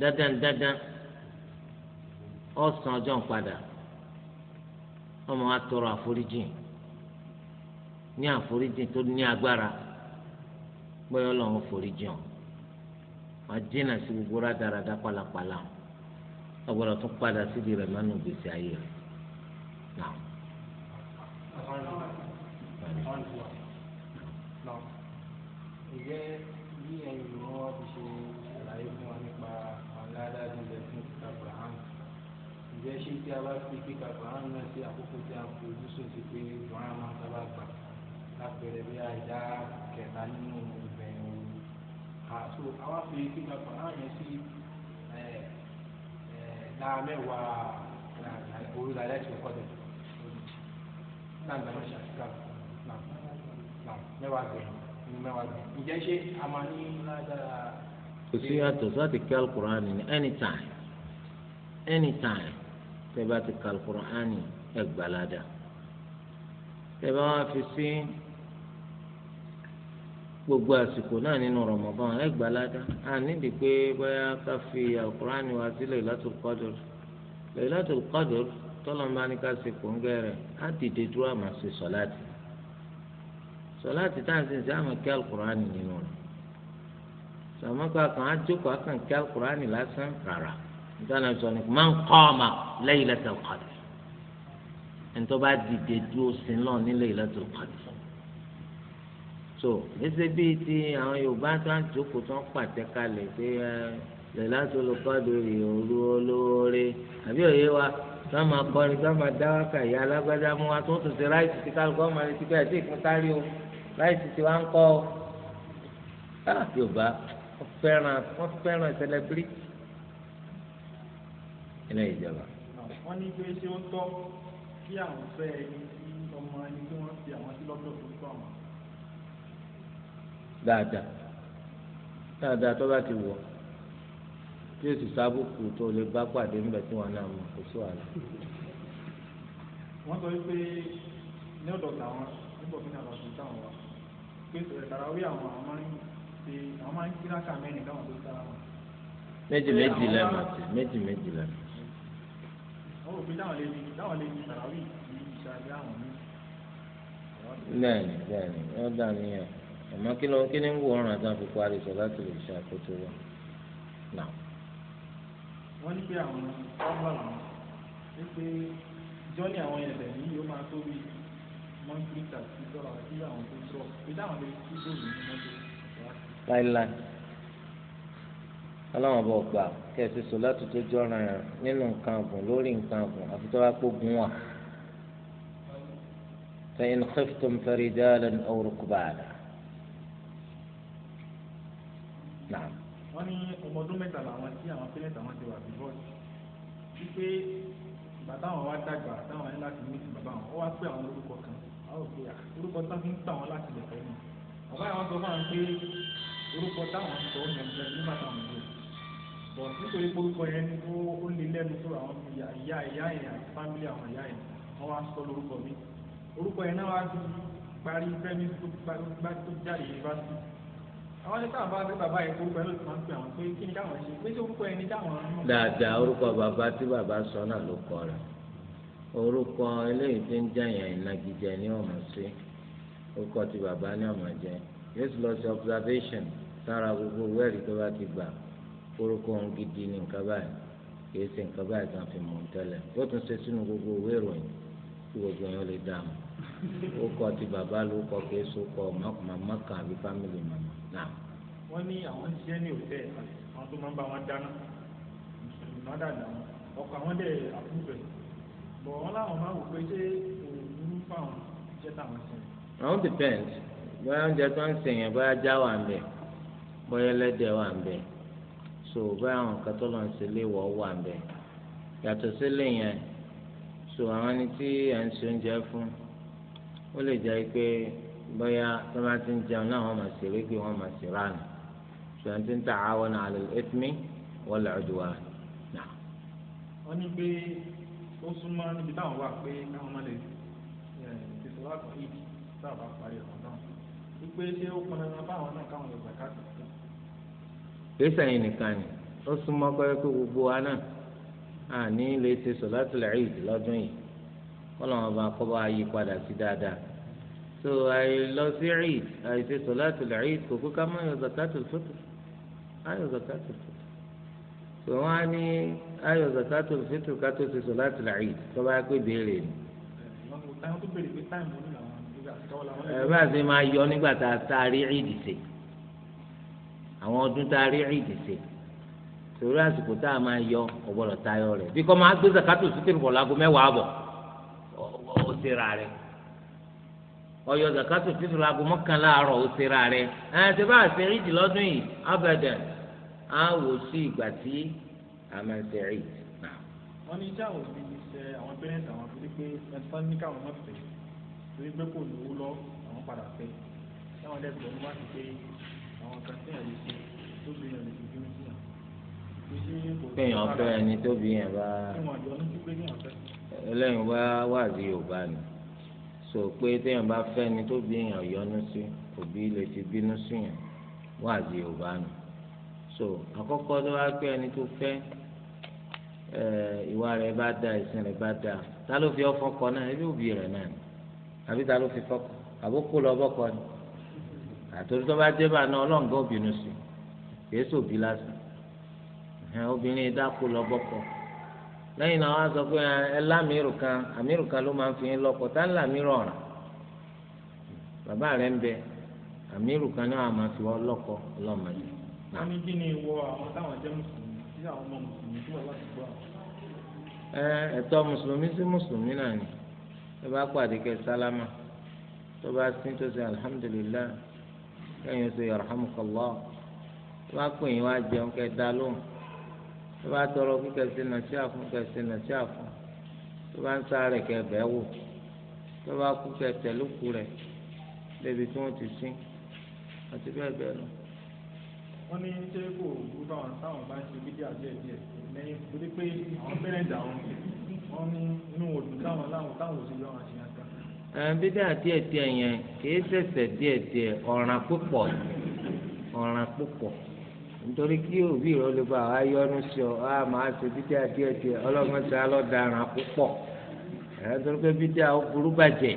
dandan dandan ọsàn ọjọ́ ń padà ọmọ wa tọrọ àforíjìn ní àforíjìn tó ní agbára gbọ́yọ́ lọ́wọ́ foríjìn ọ̀ wọ́n á dínà sí gbogbo rádaràdá pálapàla ọgbọ́dọ̀ tún padà síbi rẹ̀ mọ́nú gbèsè ayé rẹ̀ náà. ǹjẹ́ bí ẹ̀yin ni wọ́n ti ṣe àlàyé fún wa nípa àwọn adájọ́ ilẹ̀ fún kíkà abraham ǹjẹ́ ṣé tí a bá fi kíkà abraham náà sí àkókò tí a fojú sùn sí pé abraham máa ń sábà gbà lápẹ̀rẹ̀ bí àìdá kẹta nínú ìbẹ̀rẹ̀ àti àwọn afi ah, kíkà abraham yẹn sí eh, lára eh, mẹ́wàá òru a máa ní ládàá. kò sí yàtọ̀ sáàtì kí alukur'ani ní anytime anytime tẹ́ bá ti kí alukur'ani ẹ̀ gbàládà tẹ́ bá wá fi sí gbogbo àsìkò náà nínú Ramadan ẹgbàládá a nídìí pé bóyá ká fi àkùránì wá sí Lailatul Qadr Lailatul Qadr tọ́lọ́mbá ní ká ṣe kóńgẹ́ rẹ̀ á dìde dúró àmà ṣe sọ̀láàtì sọ̀láàtì tá à ń sìn sí àmà kí àkùránì nínú rẹ̀ sọ̀mọ́kọ́ àkàn á jókòó àkàn kí àkùránì lásán rárá nítorí sọ ni man qama Lailatul Qadr ẹni tó bá dìde dúró sí lọ́ọ̀ ní Lailatul Qadr so ẹsẹ bíi ti àwọn yorùbá tó ń jókòó tó ń pàtẹ kalẹ̀ pé ẹ lẹ́la tó lọ kọ́dọ̀ ìhòòrò olóore àbí òye wa tó máa kọrin tó máa dá wákà yìí alágbádá mú wa tó ń tòṣe láìsí ti kálukọ́ máa retí pé àti ìpín sáré o láìsí ti wá ń kọ́ o. Ah, yorùbá wọ́n fẹ́ràn wọ́n fẹ́ràn celebrity ilé ìjọba. wọ́n ní pé ṣé ó tọ́ kí àwọn fẹ́ ẹni tí ọmọ ẹni tí wọ́n fi àwọn sí lọ́dọ̀ tó tọ́ àwọn. dáadáa dáadáa tó bá ti wọ̀ tí èsì sábùkù tó lè bá pàdé ńbẹ tí wọn náà mọ̀ kó sí wàhálà. wọ́n sọ wípé ní ọ̀dọ̀ làwọn nígbà fún àwọn ọ̀sùn táwọn wà pé àwọn àwọn máa ń ṣe àwọn máa ń mi. àmọ́ kí ló kí ni ń wò ọ̀ràn àti àfikún àdìsọ láti lè ṣe àkótó wa náà. wọ́n ní pé àwọn ọgbà wọn ní pé jọ́ni àwọn ẹ̀sẹ̀ yìí yóò máa tó bí mọ́ńtì tàbí dọ́là sí àwọn tó tọ̀ pé dáhùn lè kí lóòrùn ní mọ́tò láìláì ọlọ́run ọba ọgbà kẹsì sọlátù tó jọra yàn nínú nǹkan ọ̀gùn lórí nǹkan ọ̀gùn àfi tó bá kó gun wà. فإن خفتم فرجالا أو ركبانا náà. wọ́n ní ọmọ ọdún mẹ́ta làwọn tí àwọn parents àwọn ti wà divorce wípé ìgbà táwọn wá dàgbà táwọn ní láti mí bàbá wọn ó wá pé àwọn orúkọ kan àwọn òkè orúkọ tán fi ń tà wọn láti lè fẹ́ mi bàbá yẹn wọ́n sọ fún àwọn pé orúkọ táwọn sọ ó yẹn jẹ nígbà táwọn ń lò bọ̀ nítorí orúkọ yẹn ni ó lè lẹ́nu tó àwọn ìyá ìyá yẹn àti fámílì àwọn ìyá yẹn wọ́n wá sọ lórúkọ mi orúkọ yẹn náà wá ti parí fẹ́mi tó jáde yunifásitì àwọn ní káwọn bá gbé bàbá yìí orúkọ ẹ ló ti máa ń ni káwọn ṣe pé tí orúkọ bàbá tí bàbá sọ náà ló kọ rẹ orúkọ eléyìí tí ń jẹyàn ìnagijẹ ní ọmọ sí orúkọ tí bàbá ní ọmọ jẹ yóò sì lọ sí observation sára gbogbo wẹ́ẹ̀rì tó bá ti gbà orúkọ òun gidi ní nǹkan báyìí kìí ṣe nǹkan báyìí kan fi mọ̀ tẹ́lẹ̀ yóò tún ṣe sínú gbogbo ìwé ìròyìn tí gbogbo yẹn lè dààmú orúkọ tí bàbá ló kọ kìí so kọ màmá kan àbí fámìlì màmá wọ́n ní àwọn ṣiṣẹ́ ní òtẹ́ àwọn tó máa ń bá wọn dáná mùsùlùmí náà dàgbà ọkọ̀ àwọn dẹ̀ àkúfẹ̀ bọ̀ wọ́n láwọn máa wò pé ṣé òun fáwọn iṣẹ́ táwọn ṣe. àwọn depend bóyá oúnjẹ tó ń sè bóyá já wà ń bẹ bóyá ẹlẹ́dẹ̀ wà ń bẹ so bóyá àwọn kan tó lọ ń ṣe léwọ́ wà ń bẹ yàtọ̀ sílẹ̀ yẹn so àwọn ẹni tí à ń ṣe oúnjẹ fún ó lè jẹ́ pé bóyá tó bá ti ń jẹun náà wọ́n máa ṣe régbé wọ́n máa ṣe ránù ṣùgbọ́n tí ń ta àwọn náà àlè ẹ́tìmí wọ́n lè ọdún wa náà. wọ́n ní pé ó súnmọ́ níbi táwọn wà pé káwọn máa lè ti sọ láti ìd táwọn bá parí ọ̀rọ̀ náà wípé ṣé ó pọn dandan báwọn náà káwọn lè gbàgbà tó. gbèsè yìí nìkan ni ó súnmọ́ pẹ́ẹ́rẹ́ pé gbogbo wa náà àní lè ṣe sọ láti ìd lọ́dún yìí so àìlọ sí eid àìṣe sọláàtì eid kò kó ká má yọ zakato fitr ayọ zakato fitr so wọn á ní ayọ zakato fitr ká tó ṣe sọláàtì eid tó bá pé béèrè ni. ẹ bá a ṣe máa yọ nígbà tá a taari eid ṣe àwọn ọdún taari eid ṣe torí àsìkò tá a máa yọ ọ̀gbọ́dọ̀ tayọ rẹ̀ bí kò máa gbé zakato fitr bọ̀ láago mẹ́wàá bọ̀ ó ti ra rẹ̀ ọyọ zakato fífi laago mọ́kànlá àárọ̀ ó ṣe ra rẹ ẹ ṣe bá ṣe rí jìlọ́dún yìí abẹ́dẹ̀ á wò sí ìgbà tí a máa ṣe rí. wọ́n ní ìjà òbí ti ṣe àwọn pẹ́rẹ́ǹtì àwọn tó ti pé ẹ̀sán ní káwọn má fẹ́ torí pé kò lówó lọ àwọn padà fẹ́ táwọn ẹlẹ́gbẹ̀ẹ́ wọn bá ti pé àwọn kan tí yàn lè ṣe tó fi yàn lè fi bí wọ́n sí yàn. kéèyàn fẹ́ ẹni tó bí yàn bá ẹlẹ́yìn wá wáàzí Yorùbá ni sọ pé téèyàn bá fẹ́ni tó bí èèyàn yọnu sí òbí lè ti bínú sí yàn wáàzì yorùbá nù so àkọ́kọ́ tó wá pé ẹni tó fẹ́ ìwà rẹ̀ bá da ìsìn rẹ̀ bá da ta ló fi ọfọ kọ náà ebi òbí rẹ̀ náà ni àbí ta ló fi fọkọ àbókù lọ bọkọ ni àtòrí tó bá jẹ́ bá náà ọlọ́ǹgá òbínú sí kìí sòbí lásán obìnrin dákú lọ bọkọ. lẹ́yìn náà wọ́n á sọ pé ẹ lámìírù kan àmìírù kan ló máa ń fi yín lọ́kọ̀ tá ń ọ̀ràn bàbá rẹ̀ ń bẹ àmìírù kan náà máa fi wọ́n lọ́kọ̀ ọlọ́mọ yìí. ní kí ni ìwọ àwọn táwọn jẹ́ mùsùlùmí tí àwọn ọmọ mùsùlùmí tí wọ́n bá ti àwọn. ẹ̀tọ́ mùsùlùmí sí mùsùlùmí náà ni tó bá pàdé kẹ sálámà tó bá sí tó ṣe tó bá tọrọ kí kẹsì nà sí àfún kẹsì nà sí àfún tó bá ń sáré kẹbẹ wò tó bá kú kẹtẹ lóku rẹ débi tí wọn ti sìn àti bẹ́ẹ̀ bẹ́ẹ̀ lọ. wọ́n ní ṣé kò burú báwọn táwọn bá ń ṣe fídíò àjẹ́ díẹ̀ lẹ́yìn torí pé àwọn fẹ́rẹ̀ dà wọ́n wọ́n ní inú òdùn táwọn láwọn táwọn ò sí yọ àwọn àṣeyàn kan. bídíà díẹ̀ díẹ̀ yẹn kì í ṣẹ̀ṣẹ̀ díẹ̀ díẹ̀ ọ̀ràn púpọ̀ ọ̀ràn púpọ̀ nítorí kí òbí rẹ lè bá wa yọnu sí ọ a máa ṣe bídíà díẹ̀ díẹ̀ ọlọ́run ṣe alọ́daràn púpọ̀ ẹ̀ nítorí pé bídíà ó burú bàjẹ́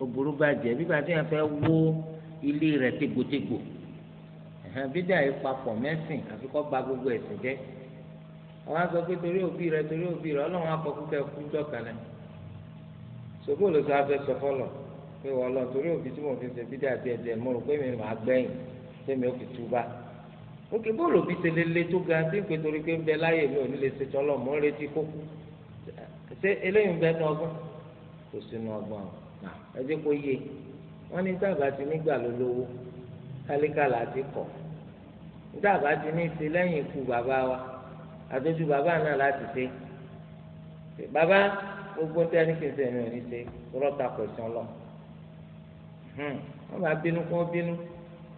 ó burú bàjẹ́ bíbá tí wọ́n fẹ́ wó ilé rẹ̀ tégbòtégbò bídíà yìí papọ̀ mẹ́sìn àfi kọ́ ba gbogbo ẹ̀sìn jẹ́ àwọn á sọ pé torí òbí rẹ torí òbí rẹ ọlọ́run á kọ kúkẹ́ kú jọ̀kalẹ̀ sọ́kò ló sọ abẹ́ sọ fọlọ̀ pé wọ́n lọ torí òkè bóòlù òbí ṣe lele tó ga sí pé torí pé ń bẹ láyè mi ò ní lè ṣe tọ́lọ̀ mọ́ retí kó ṣé eléyìí ń bẹ ní ọgbọ́n kò sínú ọgbọ́n ẹ jẹ́ kó yé wọ́n ní dábàá ti nígbà lólówó kálíkàlà ti kọ̀ dábàá ti ní ṣe lẹ́yìn ikú bàbá wa àtọ́jú bàbá náà láti ṣe bàbá gbogbo tẹ́ ní kí n ṣe ẹ̀mí ò ní ṣe rọ́ta pẹ̀sán lọ wọ́n máa bínú kó bínú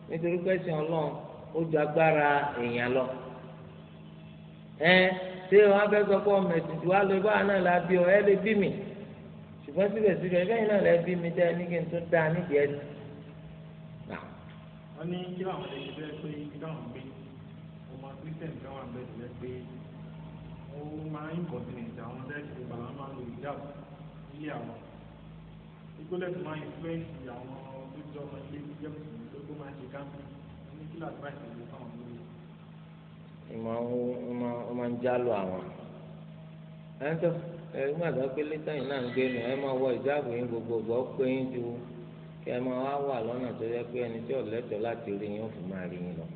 nítorí pẹ̀sán ọlọ́run ó ju agbára èèyàn lọ ẹ ṣé wọn fẹ́ sọ pé ọmọ ẹtùtù wa lọ báwa náà la ọ ẹ lè bí mi ṣùgbọ́n síbẹ̀síbẹ̀ ẹgbẹ́ yìí náà lè bí mi dá ẹ ní kí n tún dá nídìí ẹ sí. wọ́n ní kí àwọn ọmọdé ṣe fẹ́ pé kí àwọn gbé ọmọ kristian kan wà bẹ́ẹ̀ ṣe pé ó máa ń kọ̀ sínú ìjà àwọn ọmọdé ṣe bàbá máa lo ìjáàbù nílé àwọn ìgbọ́lẹ̀ tó máa ń fẹ́ ìyàwó ó máa ń jálò àwọn ẹnitọ́ ẹ gbàgbọ́ pé lẹ́tà yìí náà ń gbé nu ẹ máa wọ ìjáàbù yín gbogbogbò pé yín ju kí ẹ máa wá wà lọ́nà tó yẹ pé ẹni tí ò lẹ́tọ̀ọ́ láti rí yín ó fi máa rí yín lọ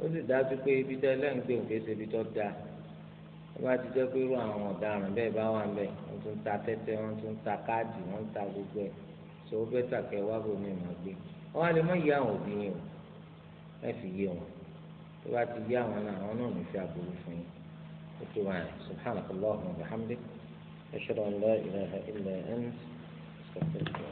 ó sì dájú pé ibi tẹ́ lẹ́ǹgbé òǹkè ṣe ibi tó dáa ó bá ti jẹ́ pé irú àwọn ọ̀daràn bẹ́ẹ̀ bá wà bẹ́ẹ̀ wọ́n tún ta tẹ́tẹ́ wọ́n tún ta káàdì wọ́n ta gbogbo ẹ̀ ṣòwò bẹ́tà kẹ́ wá bò ní ìmọ̀ gbé wọ́n á lè mọ ìyá àwọn òbí yín o ẹ fi yé wọn tó bá ti yé àwọn náà àwọn náà ní fi àbúrò fún yín ó ti wáyé subhanahu wa ta'ala wa bihamdi ashhadu an la ilaha illa ant astaghfiruka